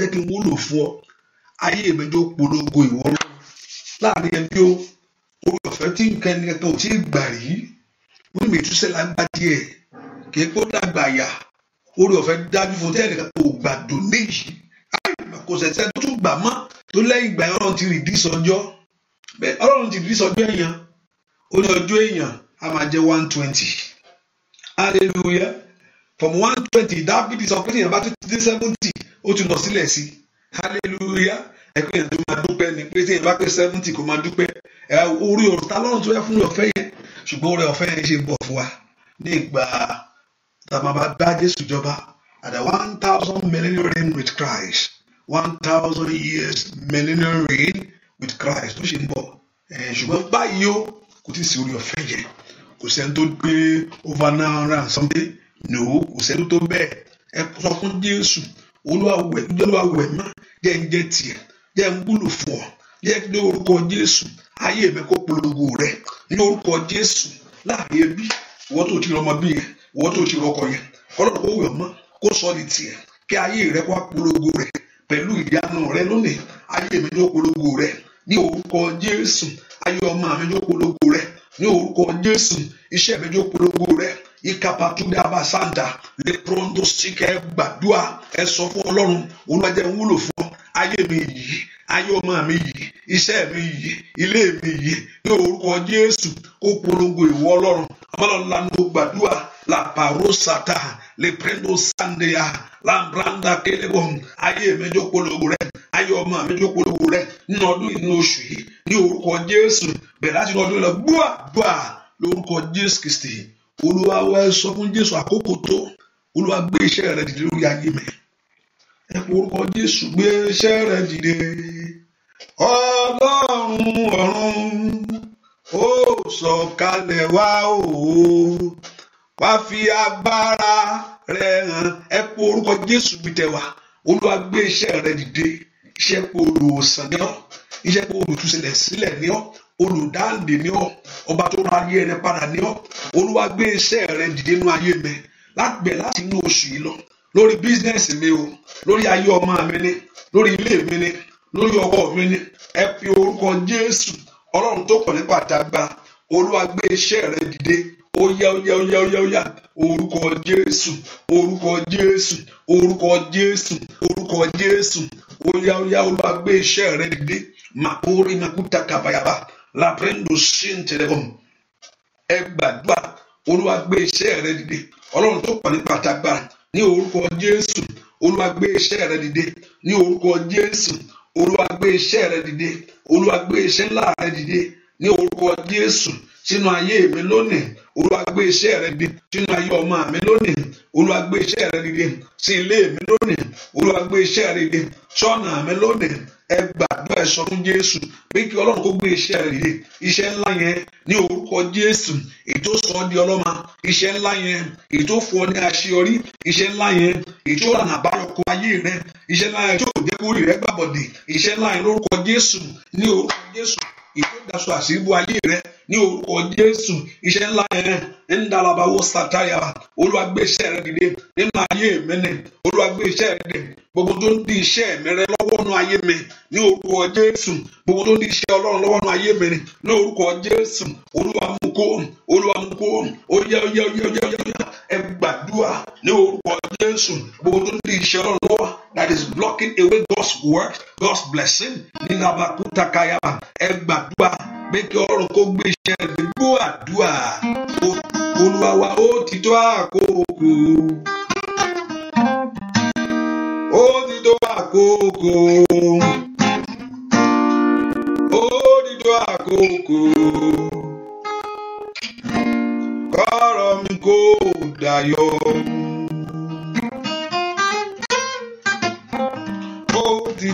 Speaker 1: jẹ́ kí n wúlò fún ọ ayé mi polongo ìwọ láàrin ẹni tí ó orí ọ̀fẹ́ tí nǹkan ẹni ò tí ì gbà rí wọ́n ìtúsẹ̀ lágbá díẹ̀ kì í kó dàgbà yà orí ọ̀fẹ́ dájú fún tẹ́lẹ̀ nìkan kò gbà dùn níyì àìmọ̀ kò sẹ̀sẹ̀ tó tún gbà mọ́ tó lẹ́yìn ìgbà ọlọ́run ti rìdí sọjọ́ bẹ́ẹ̀ ọlọ́run ti rìdí sọjọ́ èèyàn ó ọjọ́ èèyàn a máa jẹ́ one twenty hallelujah from one twenty dábìdì sọ pé èèyàn bá tún dé seventy ó tún lọ sílẹ̀ sí hallelujah ẹ pé èèyàn tó máa dúpẹ́ ni pé èèyàn bá pé seventy kò máa dúpẹ́ ẹ orí ọ̀rọ̀ ta lọ́rùn tó yẹ fún ọ̀fẹ́ yẹn ṣùgbọ́n orí ọ̀fẹ́ yẹn ṣe ń bọ̀ fún wa ní ìgbà tàbá bá bá Jésù jọba at the one thousand millennial reign with Christ one thousand years millennial reign with Christ tó ṣe ń bọ̀ ṣùgbọ́n báyìí o kò tí ì sí orí ọ̀fẹ́ yẹn kò sẹ́ni tó gbé over nine hundred and something no kò sẹ́ni tó bẹ́ẹ̀ ẹ sọ fún Jésù olúwa wẹ̀ mọ́ jẹ́ ń jẹ́ tiẹ̀ jẹ́ ń wúlò fún ọ jẹ́ ní orúkọ Jésù ayé kó polongo rẹ ní orúkọ Jésù láàrin ẹbí ìwọ tó ti rọmọ bí yẹn ìwọ tó ti rọkọ yẹn polongo rẹ pẹ̀lú ìyanu lónìí ayé polongo rẹ ní orúkọ Jésù ọmọ polongo rẹ ní orúkọ Jésù iṣẹ́ polongo rẹ. ikapatuda basanta lè pronto síkẹ́ gbàdúrà ẹ sọ fún ọlọ́run olúwa jẹ́ n wúlò fún ọ ayé mi yìí ayé ọmọ mi yìí iṣẹ́ mi yìí ilé mi yìí ní orúkọ jésù kó polongo ìwọ ọlọ́run ọlọ́run lanu la làpàrọ̀ sàtà lè pronto sàndéyà làǹbranda kélébọ̀ ayé mi jó polongo rẹ ayé ọmọ mi jó polongo rẹ nínú ọdún inú oṣù yìí ní orúkọ jésù bẹ̀rẹ̀ láti ọdún lọ gbúà gbúà lórúkọ jésù kristi olúwa wá sọ fún jésù àkókò tó olúwa gbé iṣẹ́ rẹ dìde lórí ayé mi ẹ orúkọ jésù gbé iṣẹ́ rẹ dìde ọlọ́run ọ̀run ó sọ̀kalẹ̀ wá o wá fi agbára rẹ hàn ẹ kú orúkọ jésù bìtẹ̀ wá olúwa gbé iṣẹ́ rẹ dìde iṣẹ́ kó olùwòsàn ní ọ iṣẹ́ kó olùtúsílẹ̀ sílẹ̀ ní ọ olùdáǹdè ni ọ́ ọba tó ra ayé rẹ padà ni ọ́ olúwa gbé iṣẹ́ rẹ dìde nínú ayé mi lágbẹ̀ láti inú oṣù yìí lọ lórí bísínẹ́sì mi o lórí ayé ọmọ mi ni lórí ilé mi ni lórí ọkọ mi ni ẹ fi orúkọ Jésù ọlọ́run tó kọ̀ nípa àdàgbà olúwa gbé iṣẹ́ rẹ dìde ó yá ó yá ó yá ó yá ó yá orúkọ Jésù orúkọ Jésù orúkọ Jésù orúkọ Jésù ó yá ó yá olúwa gbé iṣẹ́ rẹ dìde màkórí màkúta kàbàyàbà laprendo shintelegom ẹ gbàdúrà olúwa gbé iṣẹ́ rẹ dìde ọlọ́run tó pọ̀ nípa tagbára ní orúkọ jésù olúwa gbé iṣẹ́ rẹ dìde ní orúkọ jésù olúwa gbé iṣẹ́ rẹ dìde olúwa gbé iṣẹ́ ńlá rẹ dìde ní orúkọ jésù sínú ayé mi lónìí olúwa gbé iṣẹ́ rẹ dìde sínú ayé ọmọ mi lónìí olúwa gbé iṣẹ́ rẹ dìde sí ilé mi lónìí olúwa gbé iṣẹ́ rẹ dìde sọ́nà mi lónìí ẹ gbàdúrà ẹsọ fún jésù pé kí ọlọ́run kó gbé iṣẹ́ rẹ̀ dìde iṣẹ́ ńlá yẹn ní orúkọ jésù ètò sọ ọ́ di ọlọ́mà iṣẹ́ ńlá yẹn ètò fún ọ ní àṣeyọrí iṣẹ́ ńlá yẹn ètò ọ̀nà àbáyọkọ ayé rẹ iṣẹ́ ńlá yẹn tó jẹ́ kórìí rẹ gbàbọ̀dè iṣẹ́ ńlá yẹn lórúkọ jésù ní orúkọ jésù ètò ìdásọ àṣírí bu ayé rẹ ní orúkọ Jésù iṣẹ́ ńlá yẹn ń dalaba wo sataya Olúwa gbé iṣẹ́ rẹ dìde nínú ayé mi ni Olúwa gbé iṣẹ́ rẹ dìde gbogbo tó ń di iṣẹ́ mi rẹ lọ́wọ́ nù ayé mi ní orúkọ Jésù gbogbo tó ń di iṣẹ́ Ọlọ́run lọ́wọ́ nù ayé mi ni ní orúkọ Jésù Olúwa mú kó Olúwa mú kó oyá oyá oyá oyá oyá ẹ gbàdúrà ní orúkọ Jésù gbogbo tó ń di iṣẹ́ Ọlọ́run lọ́wọ́ that is blocking away God's word God's blessing ní nàbàkúta káyà ẹ gbàdúrà pé kí ọrùn kó gbé iṣẹ́ rẹ̀ gbọ́ àdúrà olúwa wa ó ti tó àkókò. ó ti tó àkókò. ó ti tó àkókò. kọ́rọ̀ mi kò dayọ̀. ó ti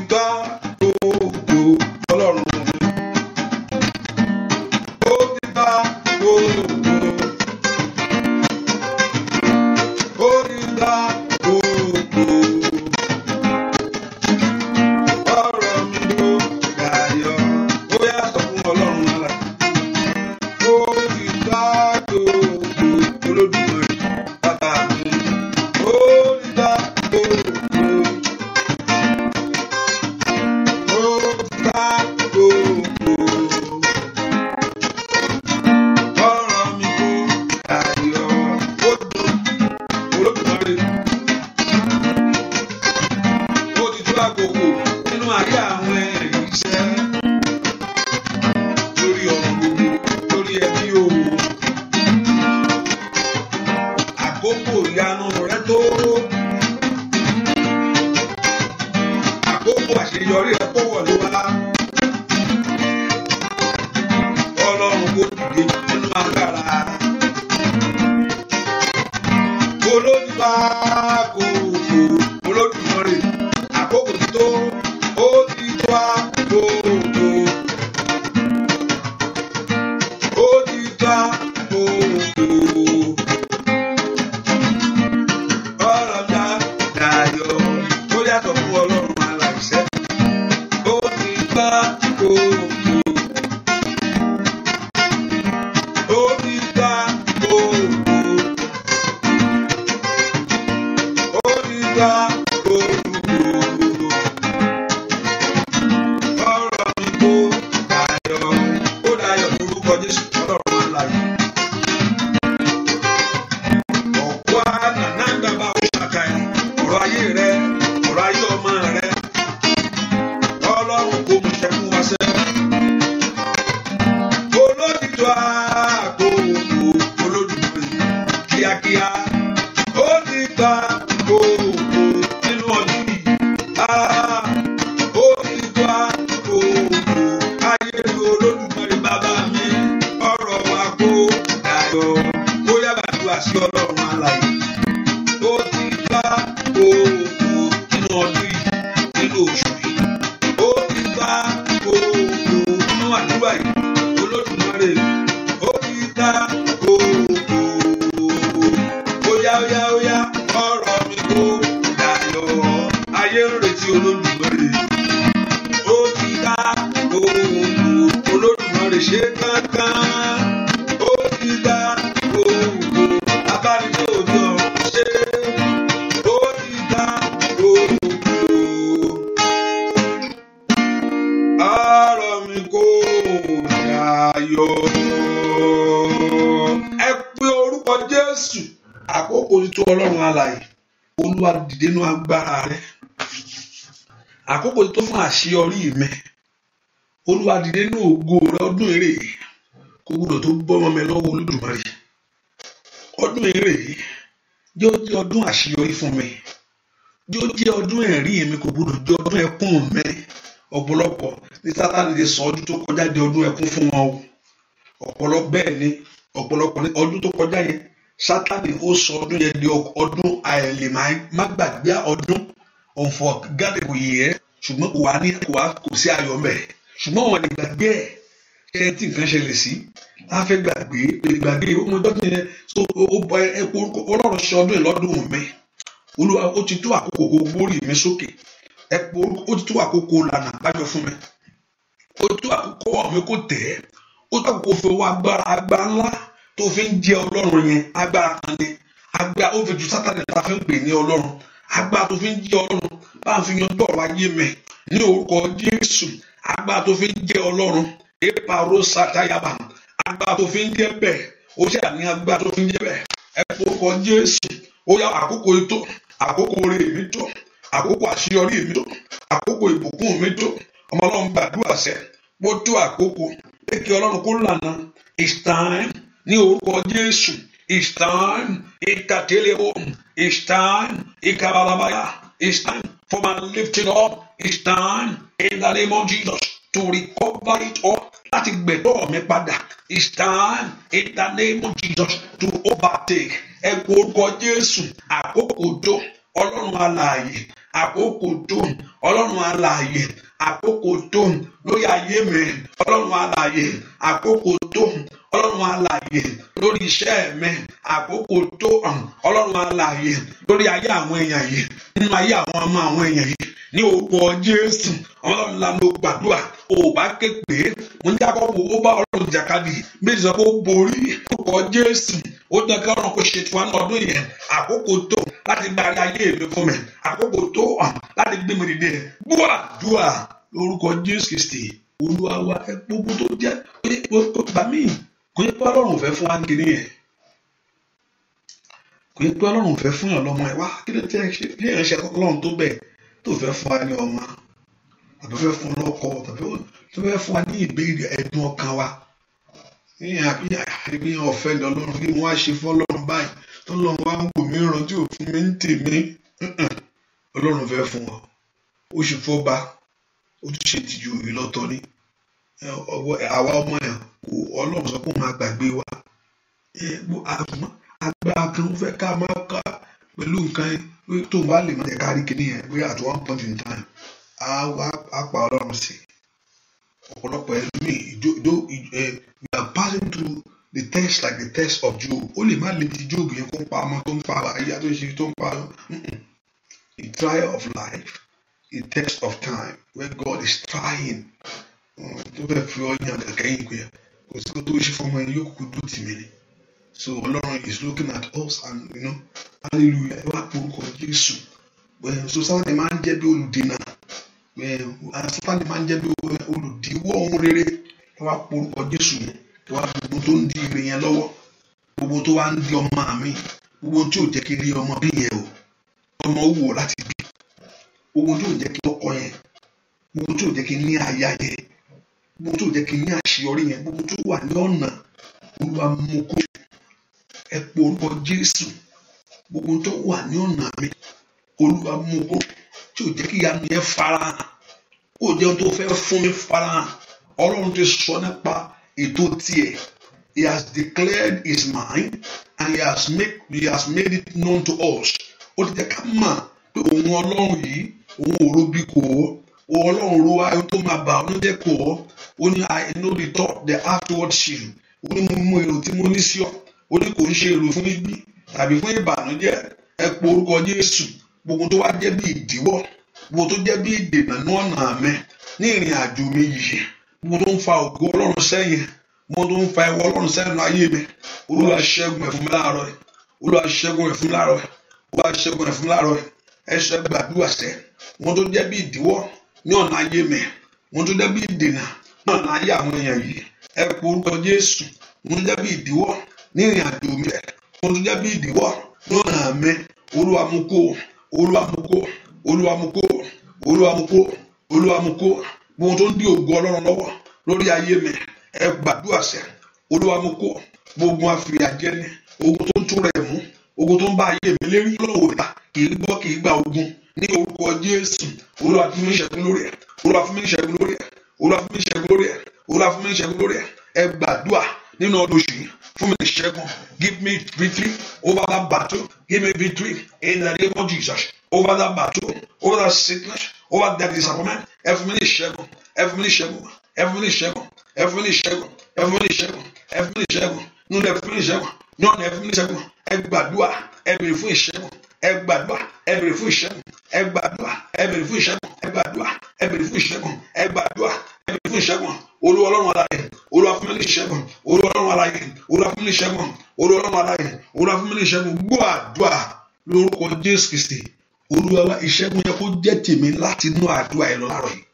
Speaker 1: do I? alààyè olúwa dìde nú agbára rẹ àkókò tó fún àṣeyọrí mi olúwa dìde nú ògo rẹ ọdún èrè kó gbọdọ̀ tó bọ́mọ mi lọ́wọ́ olódùmarè ọdún èrè yóò jẹ́ ọdún àṣeyọrí fún mi yóò jẹ́ ọdún ẹ̀rí mi kò gbọdọ̀ jẹ́ ọdún ẹkún mi ọ̀pọ̀lọpọ̀ ní sátani lè sọ ọdún tó kọjá di ọdún ẹkún fún wọn o ọ̀pọ̀lọpọ̀ bẹ́ẹ̀ ni ọ̀pọ̀lọpọ̀ ní ọdún tó kọjá yẹn sátani ó sọ ọdún yẹn di ọdún àìlèmágbàgbé ọdún unforgettable year ṣùgbọ́n kò wá ní kò wá kò sí ayọ̀ mẹ́ ṣùgbọ́n wọn lè gbàgbé ẹ̀ ṣe tí nǹkan ṣẹlẹ̀ sí a fẹ́ gbàgbé lè gbàgbé ọmọ ìjọba yẹn so ó bọ ẹ̀kọ́ ọlọ́run ṣe ọdún ìlọ́dún mi olúwa ó ti tó àkókò gbórí mi sókè ẹ̀kọ́ ó ti tó àkókò lànà àbájọ fún mi ó tó àkókò ọ̀mí kò tẹ̀ ó tó àkókò fún wa agbára agbára ńlá tó fi ń jẹ ọlọ́run yẹn agbára kan ni agbára ó fi ju sátani ta fi ń pè ní ọlọ́run agbára tó fi ń jẹ ọlọ́run bá a fi yan dọ̀rọ̀ ayé mẹ́ ní orúkọ jésù agbára tó fi ń jẹ ọlọ́run ìparó sátayaba agbára tó fi ń jẹ bẹ́ẹ̀ ó ṣe àní agbára tó fi ń jẹ bẹ́ẹ̀ ẹ forúkọ jésù ó yá àkókò ètò àkókò orí èmi tó àkókò àṣeyọrí èmi tó àkókò ìbùkún mi tó ọmọ ọlọ́run gbàdúrà sẹ́ mo àkókò pé kí ọlọ́run kó lànà it's time ní orúkọ Jésù it's time ìkàtẹ́lẹ́wò it's time ìkàbàlàbàyà it's time for my lifting up it's time in the name of Jesus to recover it all láti gbẹ̀dọ̀ mi padà it's time in the name of Jesus to overtake ẹ kú orúkọ Jésù àkókò tó ọlọ́run alààyè àkókò tó ọlọ́run alààyè àkókò tó lórí ayé mi ọlọ́run alààyè àkókò tó ọlọ́run alààyè lórí iṣẹ́ mi àkókò tó ọlọ́run alààyè lórí ayé àwọn èèyàn yìí nínú ayé àwọn ọmọ àwọn èèyàn yìí ní orúkọ jésù ọlọ́run la ló gbàdúrà ò bá ké pé mo ní kákọ́ wo ó bá ọlọ́run jàkadì méjì sọ pé ó borí orúkọ jésù ó dán kí ọlọ́run kò ṣe tiwọn ọdún yẹn àkókò tó láti gba ayé mi fún mi àkókò tó láti gbé mi dìde gbúà dùà lórúkọ jésù kìsìtì olúwa wa ẹ gbogbo tó jẹ́ pé gbà míì kò yẹ pé ọlọ́run ò fẹ́ fún wa ní kinní yẹn kò yẹ pé ọlọ́run ò fẹ́ fún yàn lọ́mọ ẹ wá kí ló tẹ́ kí èèyàn ṣe ọlọ́run tó bẹ̀ tó fẹ́ fún wa ní ọmọ tàbí fẹ́ fún lọ́kọ tàbí tó fẹ́ fún wa ní ìbéèrè ẹ̀dùn ọkàn wa èèyàn àbí àbí ọ̀fẹ́ ni ọlọ́run kí wọ́n á ṣe fún ọlọ́run báyìí tó lọ́run wá ń wò mí ràn tí ò fún mi ń tèmi ọlọ́run fẹ́ fún wọn ó ṣe fọ́ bá ó tún ṣe tìjú ìlọ́tọ̀ ni àwa ọmọ yẹn ọlọ́run sọ pé òun máa gbàgbé wa agbára kan fẹ́ ká máa ká pẹ̀lú nǹkan yẹn tó bá lè má jẹ́ ká rí yẹn pé at one point in time á wá a pa ọlọ́run sí ọ̀pọ̀lọpọ̀ ẹlòmíì ìjó ìjó we are passing through the test like the test of Job ó lè má lè di Job yẹn kó ń pa ọmọ tó ń pa àyà tó ń ṣe tó ń pa the trial of life the test of time where God is trying tó fẹ́ fi ọ yan àkàkẹ́yìn pé kò sí kó tó ṣe fọmọ ẹni yóò kú dúró tì ni so ọlọ́run is looking at us and you know hallelujah ẹ wá porúkọ jésù so sáwọn ẹ máa ń jẹ́ bí olùdènà sáwọn ẹ máa ń jẹ́ bí olùdíwọ́ ohun rere ẹ wá porúkọ jésù yẹn ẹ wá gbogbo tó ń di ire yẹn lọ́wọ́ gbogbo tó wá ń di ọmọ mi gbogbo tí ò jẹ́ kí rí ọmọ bí yẹn o ọmọ wò láti bí gbogbo tí ò jẹ́ kí tọkọ yẹn gbogbo tí ò jẹ́ kí ní aya yẹn gbogbo tó jẹ́ kí n ní àṣeyọrí yẹn gbogbo tó wà ní ọ̀nà olúwa mú kó ẹ pé orúkọ jésù gbogbo tó wà ní ọ̀nà mi olúwa mú kó tí ò jẹ́ kí ìyanu yẹn farahàn kó jẹ́ ohun tó fẹ́ fún mi farahàn ọlọ́run ti sọ nípa ètò tiẹ̀ he has declared his mind and he has made he has made it known to us ó ti jẹ́ ká mọ̀ pé òun ọlọ́run yìí òun ò robi kò ó òun ọlọ́run ro ayọ̀ tó máa bà ọ́ ló jẹ́ kò ó ó ní inú rí tọ́ the afterward shield ó ní mo mú èrò tí mo ní sí ọ ó ní kò ń ṣe èrò fún ibi tàbí fún ìbànújẹ́ ẹ po orúkọ Jésù gbogbo tó wá jẹ́ bí ìdíwọ́ gbogbo tó jẹ́ bí ìdènà ní ọ̀nà mi ní ìrìn àjò mi yìí gbogbo tó ń fa ògo Ọlọ́run sẹ́yìn gbogbo tó ń fa ẹwọ Ọlọ́run sẹ́yìn ayé mi Olúwa ṣẹ́gun ẹ̀ mi láàárọ̀ yìí Olúwa ṣẹ́gun ẹ̀ mi láàárọ̀ yìí Olúwa ṣẹ́gun ẹ̀ mi láàárọ̀ yìí ẹ ṣe gbàdúrà sẹ́ wọn tó jẹ́ bí ìdíwọ́ ní ọ̀nà ayé mi wọn tó jẹ́ bí ìdènà náà láyé àwọn èèyàn yìí ẹ po orúkọ Jésù mo jẹ́ bí ìdíwọ́ ní ìrìn àjò mi rẹ̀ mo tún jẹ́ bí ìdíwọ́ lọ́nà mi Olúwa mú kó Olúwa mú kó Olúwa mú kó Olúwa mú kó Olúwa mú kó gbogbo tó ń di ògo Ọlọ́run lọ́wọ́ lórí ayé mi ẹ gbàdúrà sẹ́ Olúwa mú kó gbogbo àfìyàjẹni ogun tó ń túra ẹ̀ mú ogun tó ń bá ayé mi lérí lọ́wọ́ ìta kì gbọ́ kì gba ogun ní orúkọ Jésù Olúwa fún mi ṣẹ́gun lórí ẹ̀ Olúwa fún mi ṣẹ́gun lórí ẹ̀ olúwa fún mi ṣẹ́gun lórí ẹ̀ olúwa fún mi ṣẹ́gun lórí ẹ̀ ẹ gbàdúà nínú ọdún oṣù yìí fún mi ṣẹ́gun give me victory over that battle give me victory in the name of Jesus over that battle over that sickness over that disappointment ẹ fún mi ní ṣẹ́gun ẹ fún mi ní ṣẹ́gun ẹ fún mi ní ṣẹ́gun ẹ fún mi ní ṣẹ́gun ẹ fún mi ní ṣẹ́gun ẹ fún mi ní ṣẹ́gun nínú ẹ fún mi ní ṣẹ́gun nínú ẹ fún mi ní ṣẹ́gun ẹ gbàdúà ẹ bèrè fún ìṣẹ́gun ẹ gbàdúà ẹ bèrè fún ìṣẹ́gun ẹ gbàdúà ẹ bèrè fún ìṣẹ́gun ẹ gbàdúà ẹ bèrè fún ìṣẹ́gun ẹ gbàdúà ẹ̀mí fún ìṣẹ́gun olúwa ọlọ́run aláyè olúwa fún mi ní ìṣẹ́gun olúwa ọlọ́run aláyè olúwa fún mi ní ìṣẹ́gun olúwa ọlọ́run aláyè olúwa fún mi ní ìṣẹ́gun gbọ́ àdúrà lórúkọ jésù kristi olúwa wa ìṣẹ́gun yẹ kó jẹ́ tèmi láti inú àdúrà ẹ̀ lọ láàrọ̀ yìí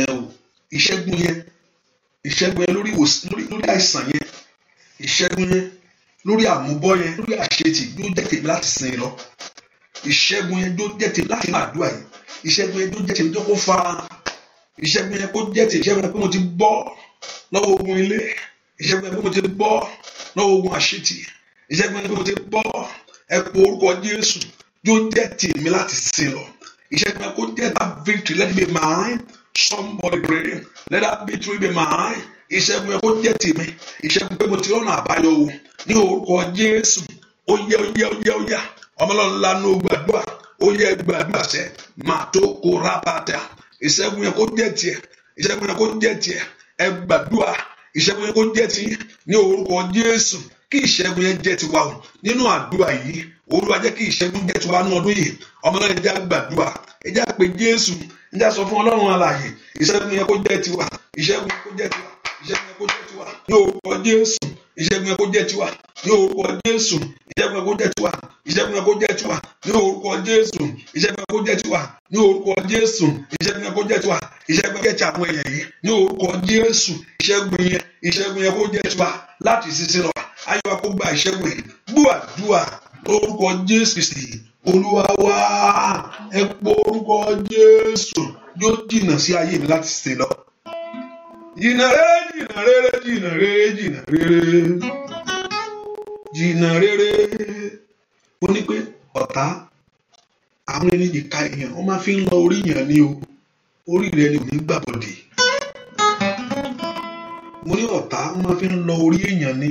Speaker 1: ẹ o ìṣẹ́gun yẹn ìṣẹ́gun yẹn lórí àìsàn yẹn ìṣẹ́gun yẹn lórí àmúbọ́ yẹn lórí àṣetì yóò jẹ́ tèmi láti sin lọ ìṣẹ́gun yẹn yóò jẹ́ tèmi láti máa àdúrà yìí ìṣẹ́gun yẹn tó jẹ́ tèmi tó kó fa ìṣẹ́gun yẹn kó jẹ́ tèmi ìṣẹ́gun yẹn pé mo ti bọ́ lọ́wọ́ ogun ilé ìṣẹ́gun yẹn pé mo ti bọ́ lọ́wọ́ ogun àṣetì ìṣẹ́gun yẹn pé mo ti bọ́ ẹ̀pọ̀ orúkọ Jésù yóò jẹ́ tèmi láti sìn lọ ìṣẹ́gun yẹn kó jẹ́ that victory let me mine somebody pray let that victory be mine ìṣẹ́gun yẹn kó jẹ́ tèmi ìṣẹ́gun pé mo ti rọ́nà àbáyọ wò ní orúkọ Jésù ó yá ó yá ó yá ó yá ọmọlọ́run lanu gbàdúrà o ye egbadua se ma to koraa bata isegunye ko jeti egbadua isegunye ko jeti ni ooruko jesu ki isegunye jeti waa n'inu adua yi oorua je ki isegunye jeti waa n'odun yi omedoja egbadua eja ape jesu n'ejaso fun ọlọrun alaye yi isegunye ko jetiwa isegunye ko jetiwa isegunye ko jetiwa ni ooruko jesu. ìṣẹ́gun ẹ̀kọ́ jẹ́ tiwa ní orúkọ Jésù ìṣẹ́gun ẹ̀kọ́ jẹ́ tiwa ìṣẹ́gun ẹ̀kọ́ jẹ́ tiwa ní orúkọ Jésù ìṣẹ́gun ẹ̀kọ́ jẹ́ tiwa ní orúkọ Jésù ìṣẹ́gun ẹ̀kọ́ jẹ́ tiwa ìṣẹ́gun ẹ̀kọ́ jẹ́ ti àwọn èèyàn yìí ní orúkọ Jésù ìṣẹ́gun yẹn ìṣẹ́gun ẹ̀kọ́ jẹ́ tiwa láti sísè lọ ayọ̀ kó gba ìṣẹ́gun yìí gbúàdúà orúkọ Jésù Kristi Olúwa wa ẹ pé orúkọ Jésù yóò jìnnà sí ayé mi láti sísè lọ jìnàrè ọ̀tá àwọn ẹni ìka èèyàn wọ́n máa fi ń lọ orí èèyàn ni o orí rẹ ni ò ní mo ní ọ̀tá wọ́n máa fi ń lọ orí èèyàn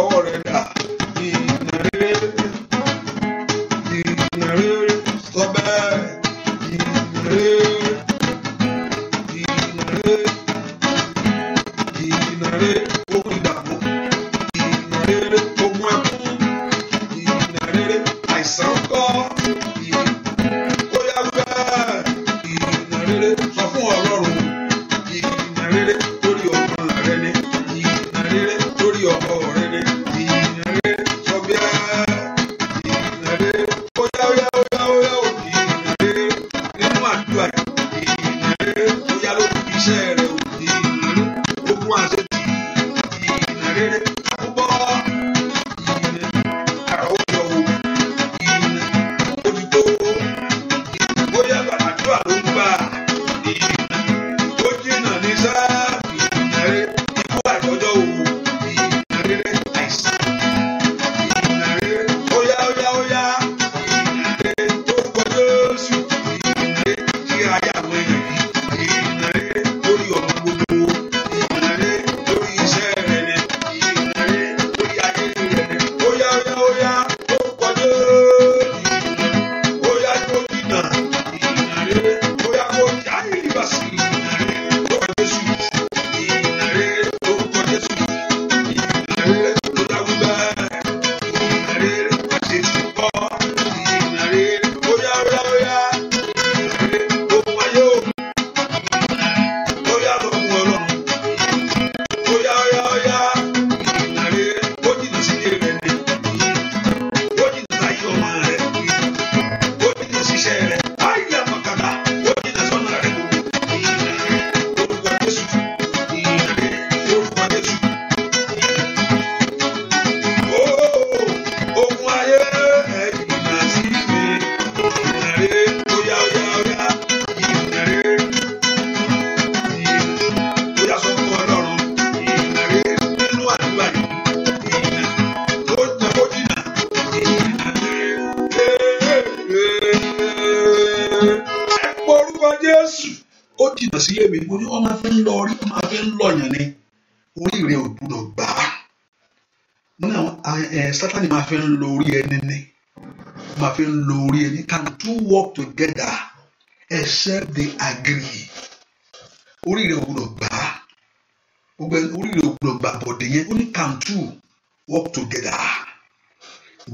Speaker 1: ọwọ́ Bye.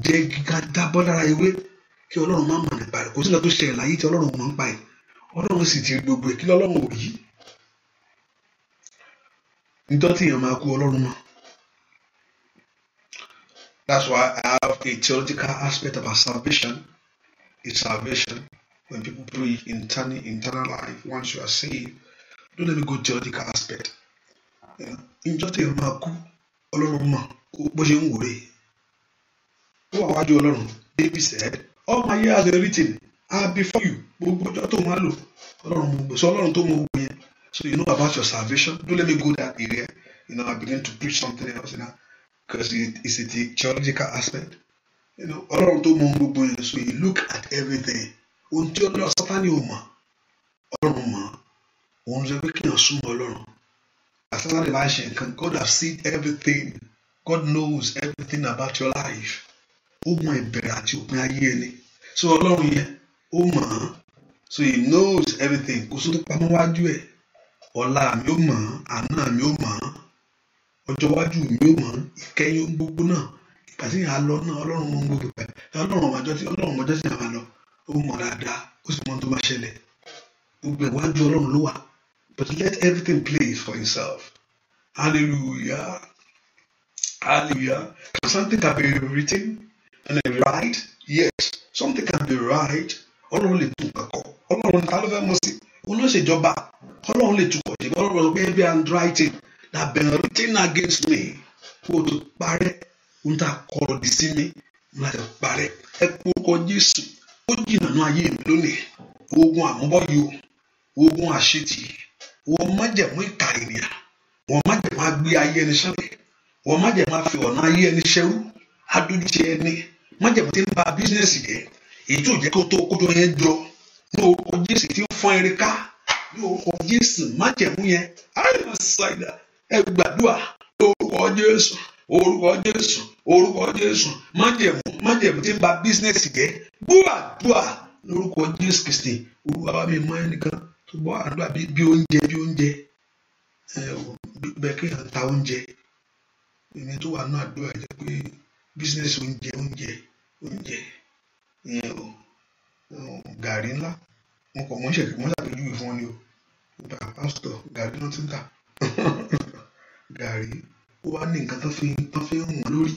Speaker 1: jẹ́ kíkà jábọ́ lára ewé kí ọlọ́run má mọ̀ nípa rẹ̀ kò sí nǹkan tó ṣẹlẹ̀ láyé tí ọlọ́run mọ̀ nípa ẹ̀ ọlọ́run sì ti gbogbo ẹ̀ kí lọ́lọ́run ò yí nítorí tí èèyàn máa kú ọlọ́run mọ̀ that's why I have a theological aspect about salvation is salvation when people pray internal internal life once you are saved don't let me go theological aspect nítorí tí èèyàn máa kú ọlọ́run mọ̀ bó ṣe ń wòye ó wà ọlọ́run David said all my years are written are before you gbogbo ọjọ́ tó máa lò ọlọ́run mo gbèsè ọlọ́run tó mo wù yẹn so you know about your salvation do let me go that area you know I begin to preach something else You know, because it is a theological aspect you know ọlọ́run tó mọ gbogbo yẹn so you look at everything ohun tí ọlọ́run sátani ò mọ̀ ọlọ́run mọ̀ òun sọ pé kí n súnmọ́ ọlọ́run àti sátani bá ṣe nǹkan God has seen everything God knows everything about your life. O mọ ìbẹ̀rẹ̀ ati òpin ayé so ọlọ́run yẹn o mọ, so he knows everything kò sóto pamọ́ wájú ẹ̀ ọ̀la mi ó mọ̀ àná mi ó mọ̀ ọjọwaju mi ó mọ̀ ìkẹyìn ohun gbogbo náà ìgbà yàrá lọ náà ọlọ́run ohun gbogbo ọlọ́run ọmọjọ́ tí ọlọ́run ọmọjọ́ sì máa ó mọ̀ dáadáa ó sì mọ̀ tó ọlọ́run ló wà but let everything play for himself hallelujah hallelujah can something and then right yes something can be right ọlọ́run lè tún nǹkan kọ ọlọ́run ta ló fẹ́ mọ̀ sí olóṣèjọba ọlọ́run lè tún kọ̀ ṣe ọlọ́run sọ pé every handwriting that been written against me kó o tó parẹ́ ohun tá a kọ̀rọ̀ dì sí mi láti parẹ́ ẹ kó orúkọ jésù ó jìnnà nú ayé mi lónìí ogun àmúbọ́yò ogun àṣetì wọ́n májẹ̀mú ìka ènìyàn wọ́n májẹ̀mú agbé ayé ẹni sẹ́lẹ̀ wọ́n májẹ̀mú afi ọ̀nà ayé ẹni sẹ́rú adójúṣe ẹni májèmọ́ tí ń ba bísínẹ́sì jẹ́ èyí tí ò jẹ́ kó tó okodo yẹn jọ ní orúkọ Jésù tí ń fọ́n erin ní orúkọ Jésù májèmú yẹn àyàn ṣàìdá ẹ gbàdúrà orúkọ Jésù orúkọ Jésù orúkọ Jésù májèmú májèmú tí ń ba bísínẹ́sì jẹ́ gbúàdúà lórúkọ Jésù Kristi Olúwa wa mi mọ tó àdúrà bí business oúnjẹ oúnjẹ oúnjẹ ìyẹn o gàrí ńlá mo kàn mọ́ ṣẹ̀kẹ́ mọ́ ṣàpèjúwe fún ọ ni o ìgbà pásítọ̀ gàrí náà tún tà gàrí ó wá ní nǹkan tó fi tó fi ń wọ̀n lórí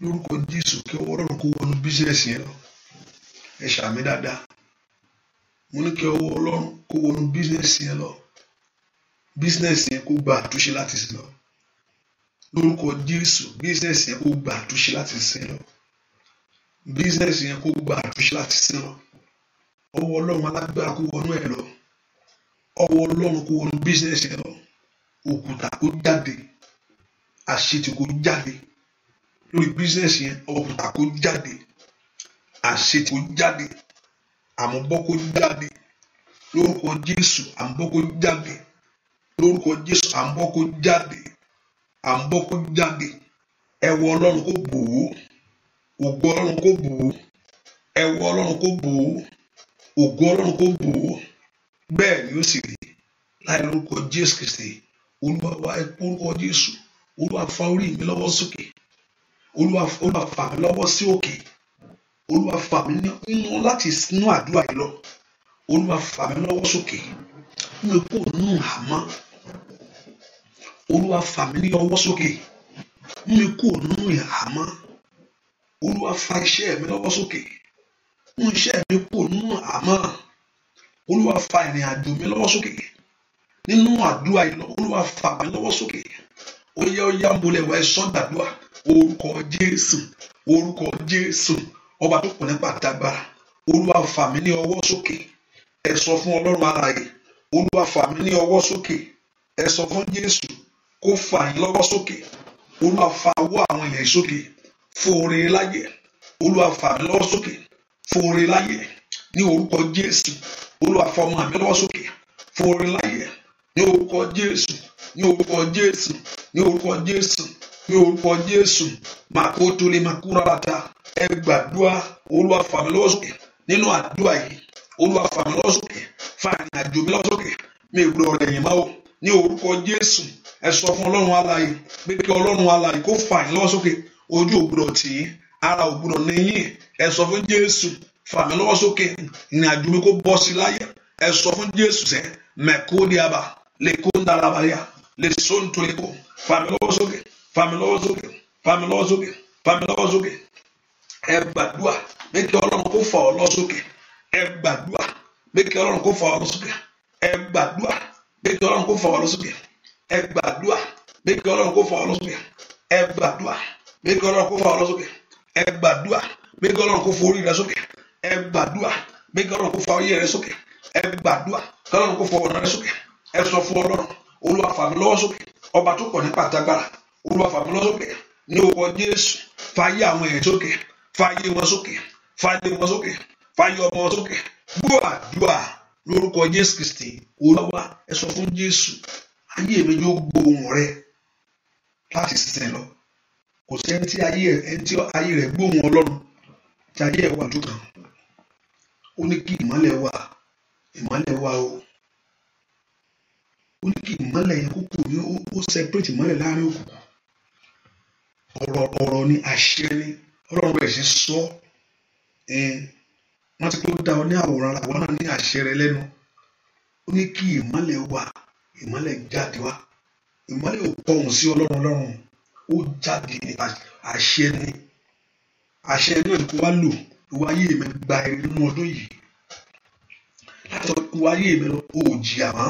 Speaker 1: lórúkọ Jésù kí ọwọ́ Ọlọ́run kó wọnú bísíẹ̀sì yẹn lọ ẹ ṣàmì dáadáa mo ní kí ọwọ́ Ọlọ́run kó wọnú bísíẹ̀sì yẹn lọ bísíẹ̀sì yẹn kó gba àtúnṣe láti sí lọ lórúkọ Jésù bísíǹsì yẹn kó gba àtúnṣe láti sin lọ bísíǹsì yẹn kó gba àtúnṣe láti sin lọ ọwọ́ Ọlọ́run alágbára kó wọnú ẹ̀ lọ ọwọ́ Ọlọ́run kó wọnú bísíǹsì yẹn lọ òkúta kó jáde àṣetì kó jáde lórí bísíǹsì yẹn òkúta kó jáde àṣetì kó jáde àmúbọ́ kó jáde lórúkọ Jésù àmúbọ́ kó jáde lórúkọ Jésù àmúbọ́ kó jáde à ń bọ́ kó jáde ẹwọ ọlọ́run kó bò ó ògo ọlọ́run kó bò ó ẹwọ ọlọ́run kó bò ó ògo ọlọ́run kó bò ó bẹ́ẹ̀ ni ó sì rí láì lórúkọ jésù kristi olúwa wa orúkọ jésù olúwa fa orí mi lọ́wọ́ sókè olúwa fà mí lọ́wọ́ sí òkè olúwa fà mí nínú láti inú àdúrà yìí lọ olúwa fà mí lọ́wọ́ sókè mi kò nù àmọ́ olúwa fà mí ní ọwọ́ sókè mú mi kúrò nínú ìhàmọ́ olúwa fà iṣẹ́ mi lọ́wọ́ sókè mú iṣẹ́ mi kúrò nínú àmọ́ olúwa fà ìrìn àjò mi lọ́wọ́ sókè nínú àdúrà ìlọ olúwa fà mí lọ́wọ́ sókè ó yẹ ó yá mbolẹ̀ wá ẹ̀sọ́ gbàdúrà orúkọ jésù orúkọ jésù ọba tó kù nípa àtàgbára olúwa fà mí ní ọwọ́ sókè ẹ fún ọlọ́run alààyè olúwa fà mí ní ọwọ́ sókè ẹ fún jésù kó fa yín lọ́wọ́ sókè olúwa fa ọwọ́ àwọn ilẹ̀ sókè fún oore láyè olúwa fa mi lọ́wọ́ sókè fún oore láyè ní orúkọ jésù olúwa fa ọmọ mi lọ́wọ́ sókè fún oore láyè ní orúkọ jésù ní orúkọ jésù ní orúkọ jésù ní orúkọ jésù màkótó lè máa kúra bàtà ẹ gbàdúrà olúwa fa mi lọ́wọ́ sókè nínú àdúrà yìí olúwa fa mi lọ́wọ́ sókè fa ìrìn àjò mi lọ́wọ́ sókè mi ìwúrọ̀ rẹ̀ yìí máa wò ní orúkọ jésù ẹ sọ fún ọlọ́run alààyè pé kí ọlọ́run alààyè kó fà yín lọ́wọ́ sókè ojú ògbúdọ̀ tì í ara ògbúdọ̀ níyìn ẹ sọ fún jésù fà mí lọ́wọ́ sókè ìrìn àjò mi kó bọ́ sí láyé ẹ sọ fún jésù sẹ́ mẹ́kódìaba lè kó ń dara balẹ̀ lè so ń torí kó fà mí lọ́wọ́ sókè fà mí lọ́wọ́ sókè fà mí lọ́wọ́ sókè fà mí lọ́wọ́ sókè ẹ gbàdúrà pé kí ọlọ́run kó fà ọ́ lọ́wọ́ sókè ẹ gbàdúrà pé kí ọlọ́run kó fà ọ́ lọ́wọ́ sókè ẹ gbàdúrà pé kí ọlọ́run kó fà ọ́ lọ́wọ́ sókè ẹ gbàdúrà bí kí ọlọ́run kó fà ọ́ lọ́sọ̀kè ẹ gbàdúrà bí kí ọlọ́run kó fà ọ́ lọ́sọ̀kè ẹ gbàdúrà bí kí ọlọ́run kó forí rẹ sókè ẹ gbàdúrà bí kí ọlọ́run kó fà ọyẹ rẹ sókè ẹ gbàdúrà kí ọlọ́run kó fà ọ̀nà rẹ sókè ẹ sọ fún ọlọ́run olúwa fà mí lọ́wọ́ sókè ọba tó pọ̀ nípa àtagbára olúwa fà mí lọ́wọ́ sókè ní orúkọ jésù fàyè àwọn èèyàn sókè fàyè wọn sókè fàyè wọn sókè fàyè ọmọ wọn sókè gbọ́ àdúrà lórúkọ jésù kristi olúwa ẹ sọ fún jésù ayé mi yóò gbóhùn rẹ láti sìn lọ kò sí ẹni tí ayé rẹ ẹni tí ayé rẹ gbóhùn ọlọ́run tí ayé ẹ wà lókàn ó ní kí ìmọ́lẹ̀ wà ìmọ́lẹ̀ wà o ó ní kí ìmọ́lẹ̀ yẹn kó kù ní ó separate ìmọ́lẹ̀ láàrin òkùnkùn ọ̀rọ̀ ọ̀rọ̀ ni àṣẹ ni ọlọ́run bẹ̀rẹ̀ sí sọ wọ́n ti kó dá ọ ní àwòrán àwọn náà ní àṣẹ rẹ lẹ́nu ó ní kí ìmọ́lẹ̀ wà ìmọ́lẹ̀ jáde wá ìmọ́lẹ̀ ò tọ̀hún sí ọlọ́run ọlọ́run ó jáde ní àṣẹ ni àṣẹ náà kó wá lò ìwà ayé mi gba ẹni nínú ọdún yìí láti ìwà ayé mi ò jìyà mọ́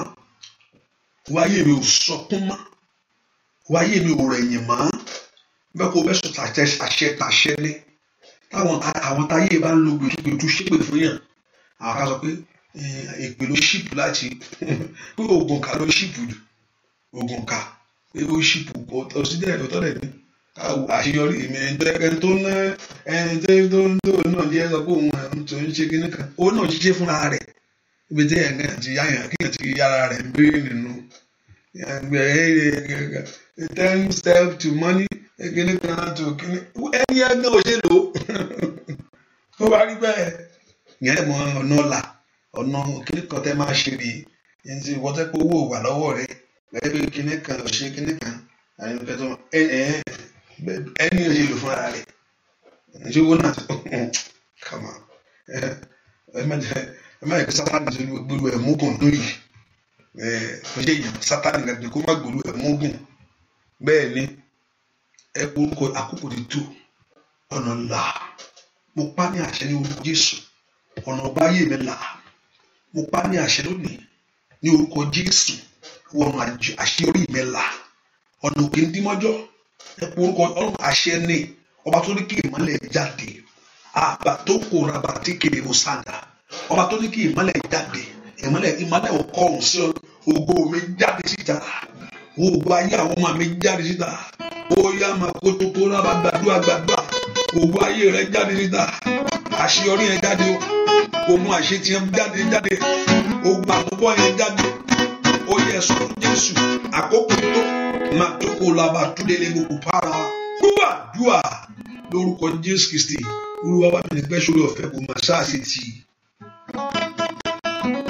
Speaker 1: ìwà ayé mi ò sọkún mọ́ ìwà ayé mi ò rẹ̀yìn mọ́ bẹ́ẹ̀ kó bẹ́ẹ̀ sọ̀tà àṣẹ tàṣẹ ni táwọn àwọn táyé bá ń lo gbèdúgbèdú ṣépè fún yàn àwọn kan sọ pé Eh, èpè ló ṣìpù láti pé oògùn ká ló ṣìpù dù oògùn ká pé ó ṣìpù ọ̀sídẹ̀ ọ̀tọ̀ rẹ̀ ni àṣeyọrí ìmọ̀ ẹni tó ná ẹni tó tó tó náà jẹ́ sọ pé òun ẹ̀hún tó ń ṣe kíní kan òun náà ṣiṣẹ́ fúnra rẹ̀ ibi tí ẹ̀ náà ti yáyàn kíyàn ti yára rẹ̀ ń béèrè nínú ten step to money kíní kan tó kíní ẹni ẹgbẹ́ òṣèlú tó bá rí bẹ́ẹ̀ yẹn mọ ọ̀nà ọ̀la ọ̀nà kíní kan tẹ́ máa ṣe rèé ẹni tí wọ́n tẹ́ pé owó wà lọ́wọ́ rẹ gẹ́gẹ́ bí kíní kan ò ṣe kíní kan àyẹ̀wò kẹ́tọ́ ẹni ò ṣe lò fúnra rẹ̀ ẹni owó náà kàmá ẹ má yẹ kí sátani tó gbólú ẹ̀ mógùn lóyè ẹ kò ṣe yàn sátani gàdé kó má gbólú ẹ̀ mógùn bẹ́ẹ̀ ni ẹ orúkọ àkókò ti tó ọ̀nà là mo pa ní àṣẹ ní orúkọ Jésù ọ̀nà ọba ayé mi là mo pa ní àṣẹ lónìí ní orúkọ jésù wọ ọ̀nà àṣeyọrí mi ọ̀nà òkè ń dímọ́jọ́ ẹ orúkọ ọ̀nà àṣẹ ni ọba tó ní kí ìmọ́lẹ̀ jáde àbá tó kò rabà tí kèrè mo sàgà ọba tó ní kí ìmọ́lẹ̀ jáde ìmọ́lẹ̀ ìmọ́lẹ̀ ò kọrùn sí ògo mi jáde síta ògo ayé àwọn ọmọ mi jáde síta bóyá máa kó tó kó rábà gbàdúrà gbàdúrà ògo ayé rẹ jáde síta àṣeyọrí yẹn jáde o ogun àṣetì yẹn jáde jáde ogun àmúbọ̀ yẹn jáde ó yẹ sọ fún Jésù àkókò tó máa tókò làbà túnde lè gbogbo para dúà dúà lórúkọ Jésù Kristi olúwa bá mi pẹ́ sórí ọ̀fẹ́ kò máa ṣáàṣì tì í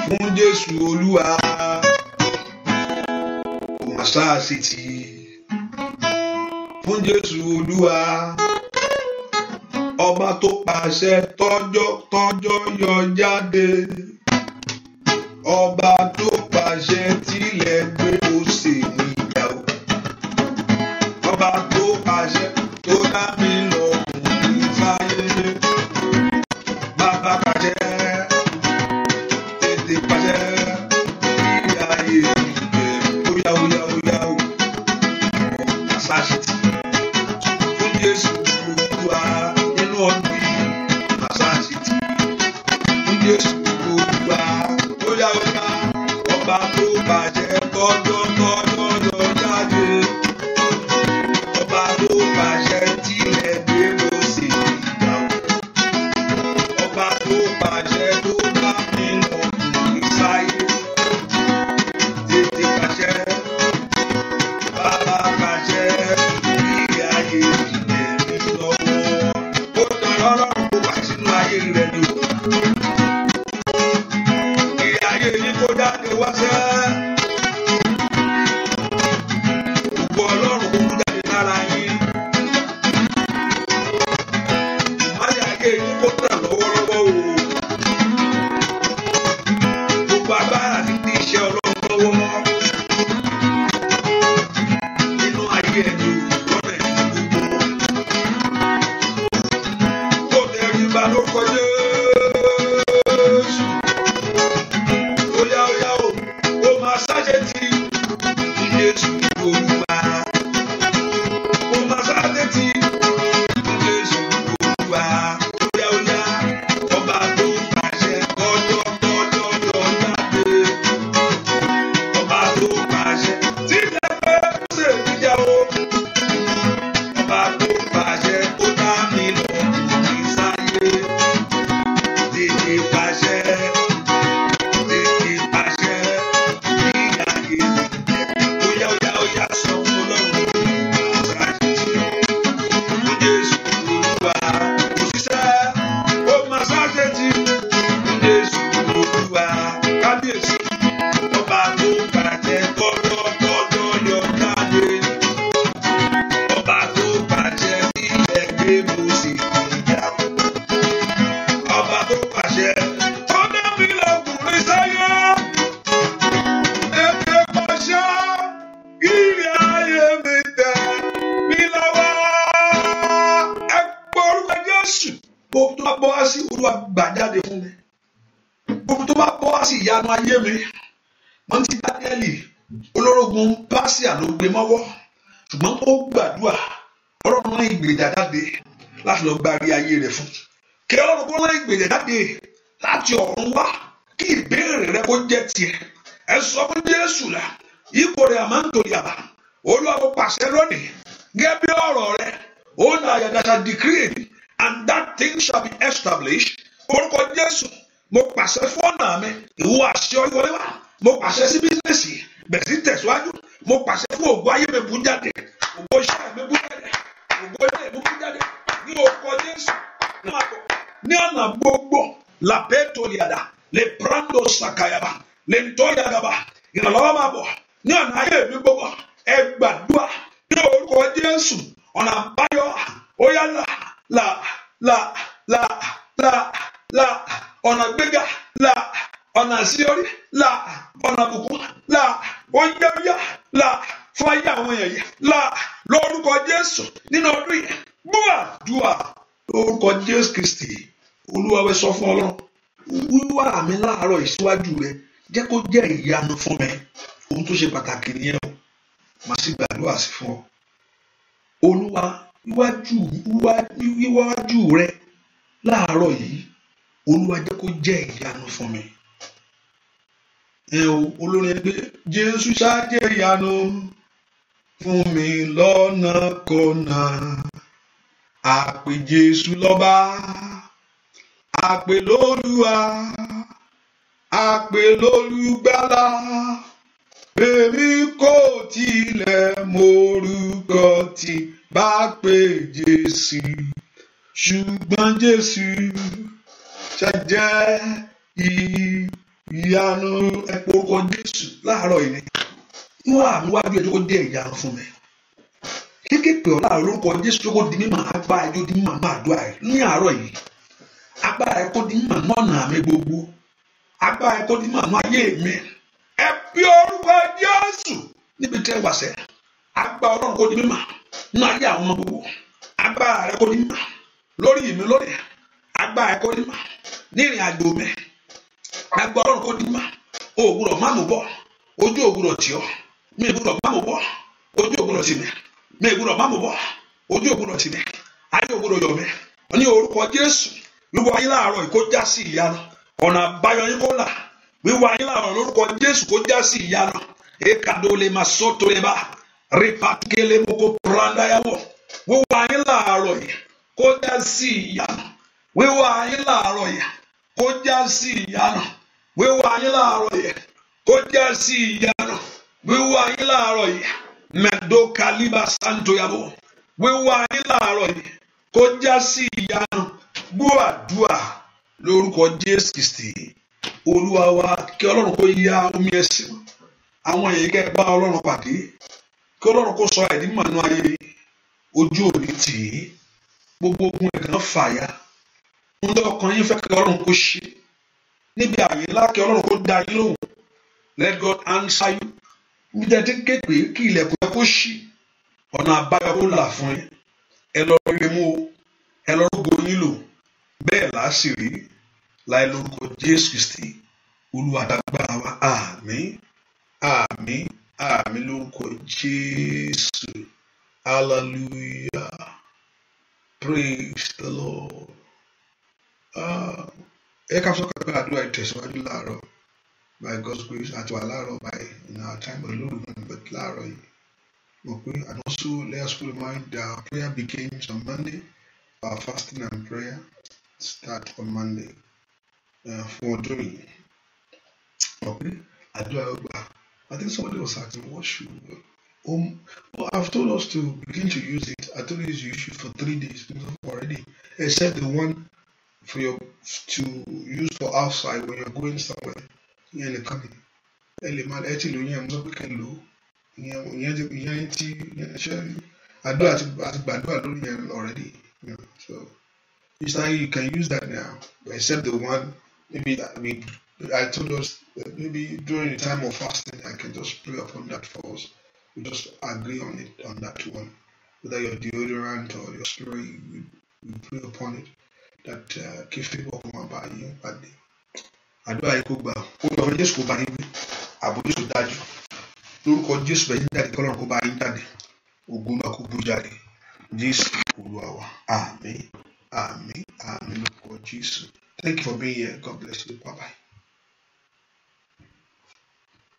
Speaker 1: fún Jésù olúwa kò máa ṣáàṣì tì í fún Jésù olúwa ọba tó pàṣẹ tọ́jọ́ tọ́jọ́ yọ jáde ọba tó pàṣẹ tilẹ̀ gbé ó ṣe níyàwó ọba tó pàṣẹ. Jésù gbogbo tó bá bọ́ wá sí olúwa gbà jáde fún mi gbogbo tó bá bọ́ wá sí ìyanu ayé mi wọ́n ti Dáníẹ́lì olórogún Páṣíà ló gbé mọ́wọ́ ṣùgbọ́n ó gbàdúrà ọlọ́run náà ìgbèjà jáde láti lọ gba rí ayé rẹ̀ fún kí ọlọ́run kó náà ìgbèjà jáde láti ọ̀run wá kí ìbéèrè rẹ kó jẹ́ tiẹ̀ ẹ sọ fún Jésù la ipò rẹ̀ àmọ́ nítorí àbá olúwa kó pàṣẹ lónìí gẹ́gẹ́ bí ọ̀rọ̀ rẹ̀ ó nà and that thing shall be established orúkọ Jésù mo pàṣẹ fọ́nà mi ìwọ àṣẹ ìwọlé wa mo pàṣẹ sí bísíǹsì bẹ̀rẹ̀ tẹ̀síwájú mo pàṣẹ fún ògo ayé mi bú jáde ògo iṣẹ́ mi bú jáde ògo ilé mi bú jáde ní orúkọ Jésù ní ọ̀nà gbogbo làpẹ́tò yàdà lè prando sàkàyàbà lè ntọ́ yàgàbà ìrànlọ́wọ́ máa bọ̀ ní ọ̀nà ayé mi gbogbo ẹ ní orúkọ Jésù ọ̀nà àbáyọ ó La la la la la. ọ̀nà gbéga la. ọ̀nà àṣeyọrí la. ọ̀nà àbùkún la. oúnjẹ la. là fún ayé àwọn èèyàn yìí là lórúkọ Jésù nínú ọdún yìí gbúwà dùà lórúkọ Jésù Kristi Olúwa wẹ sọ fún Ọlọ́run wíwá mi láàárọ̀ ìṣíwájú rẹ jẹ́ kó jẹ́ ìyanu fún mi ohun tó ṣe pàtàkì nìyẹn o màá sì gbàdúrà sí fún ọ Olúwa iwájú rẹ láàárọ̀ yìí olúwa jẹ́ kó jẹ́ ìyanu fún mi ẹ o olórin ẹni pé jésù ṣáà jẹ́ ìyanu fún mi lọ́nà kọ́nà àpè jésù lọ́ba àpè lólúwa àpè lólùgbàlà èmi kò tilẹ̀ mọ orúkọ tí. bá pe Jésù ṣùgbọ́n Jésù ṣẹjẹ́ ìyanu ẹ̀pọ̀ orúkọ Jésù láàárọ̀ yìí ní wà níwájú ẹjọ́ kó fún mi ọ̀la kó di ẹjọ́ di ní àárọ̀ yìí agbára ẹ di mímọ̀ mọ́nà mi gbogbo agbára ẹ di mímọ̀ ayé mi ẹ nínú àwọn ọmọ gbogbo agbára rẹ kò ní mà lórí mi lónìí agbára rẹ kò ní mà ní ìrìn àjò mi agbára kò ní mà òwúrọ̀ má mú ojú òwúrọ̀ tì ọ́ mi ìwúrọ̀ má mú ojú tì Jésù yìí kó já sí ọ̀nà àbáyọ yín kó là lórúkọ Jésù kó já sí ripakele moko pranda yawo wíwá yín láàárọ̀ yìí kó já sí ìyanu wíwá yín láàárọ̀ ya kó já sí ìyanu wíwá ya láàárọ̀ yìí kó já sí ìyanu wíwá yín láàárọ̀ yìí kaliba santo yabo wíwá yín láàárọ̀ yìí kó já sí ìyanu gbọ́ àdúà lórúkọ Jésù wa ya omi ẹ̀sìn àwọn kí ọlọ́run kó sọ àìdí mọ̀nú ayé ojú òní tì í gbogbo ogun ẹ̀gàn fàyà ohun tó ọkàn yín fẹ́ kí ọlọ́run kó ṣe níbi àyè ńlá kí ọlọ́run kó dá yín lóhùn let God answer you níbi tẹ́ ti ké pé kí ilẹ̀kùn ẹ kó ṣí ọ̀nà àbáyọ kó là fún yín ẹ lọ rí mú o ẹ lọ rúgbó yín lò bẹ́ẹ̀ láàṣì rí láì lórúkọ Jésù Kristi olúwa wa àmín àmín àmì lórúkọ jésù hallelujah praise the lord ah, ẹ ká sọ pé àdúrà ìtẹ̀síwájú láàárọ̀ by god's grace àti wà láàárọ̀ by in our time pẹ̀lú òògùn but láàárọ̀ yìí mo pe and also let us remind that our prayer begins on monday our fasting and prayer start on monday uh, fún ọdún yìí mo pe àdúrà ó I think somebody was asking, what should um, well, I've told us to begin to use it. I told you to use it for three days already, except the one for your to use for outside when you're going somewhere in the company. ẹlẹ máa ẹ ti lò yẹn mo sọ pé kẹ lò ó ìyẹn ti ìyẹn ti ṣe àdúrà àti gbàdúrà lórí yẹn already you know, so it's like you can use that now except the one maybe that we I told us that uh, maybe during the time of fasting, I can just pray upon that for us. We just agree on it, on that one. Whether your deodorant or your spray, we, pray upon it. That uh, kí favour kó máa bá yín I Àdúrà yìí kò gbà ó lọ fún Jésù kó bá yín gbé. Àbò Jésù dájú. Lórúkọ Jésù bẹ̀ yín jáde kọ́lọ́run kó bá yín jáde. Ògùn náà kó gbó jáde. Jésù Olúwa wa. Àmín. Thank you for being here. God bless you. Bye bye.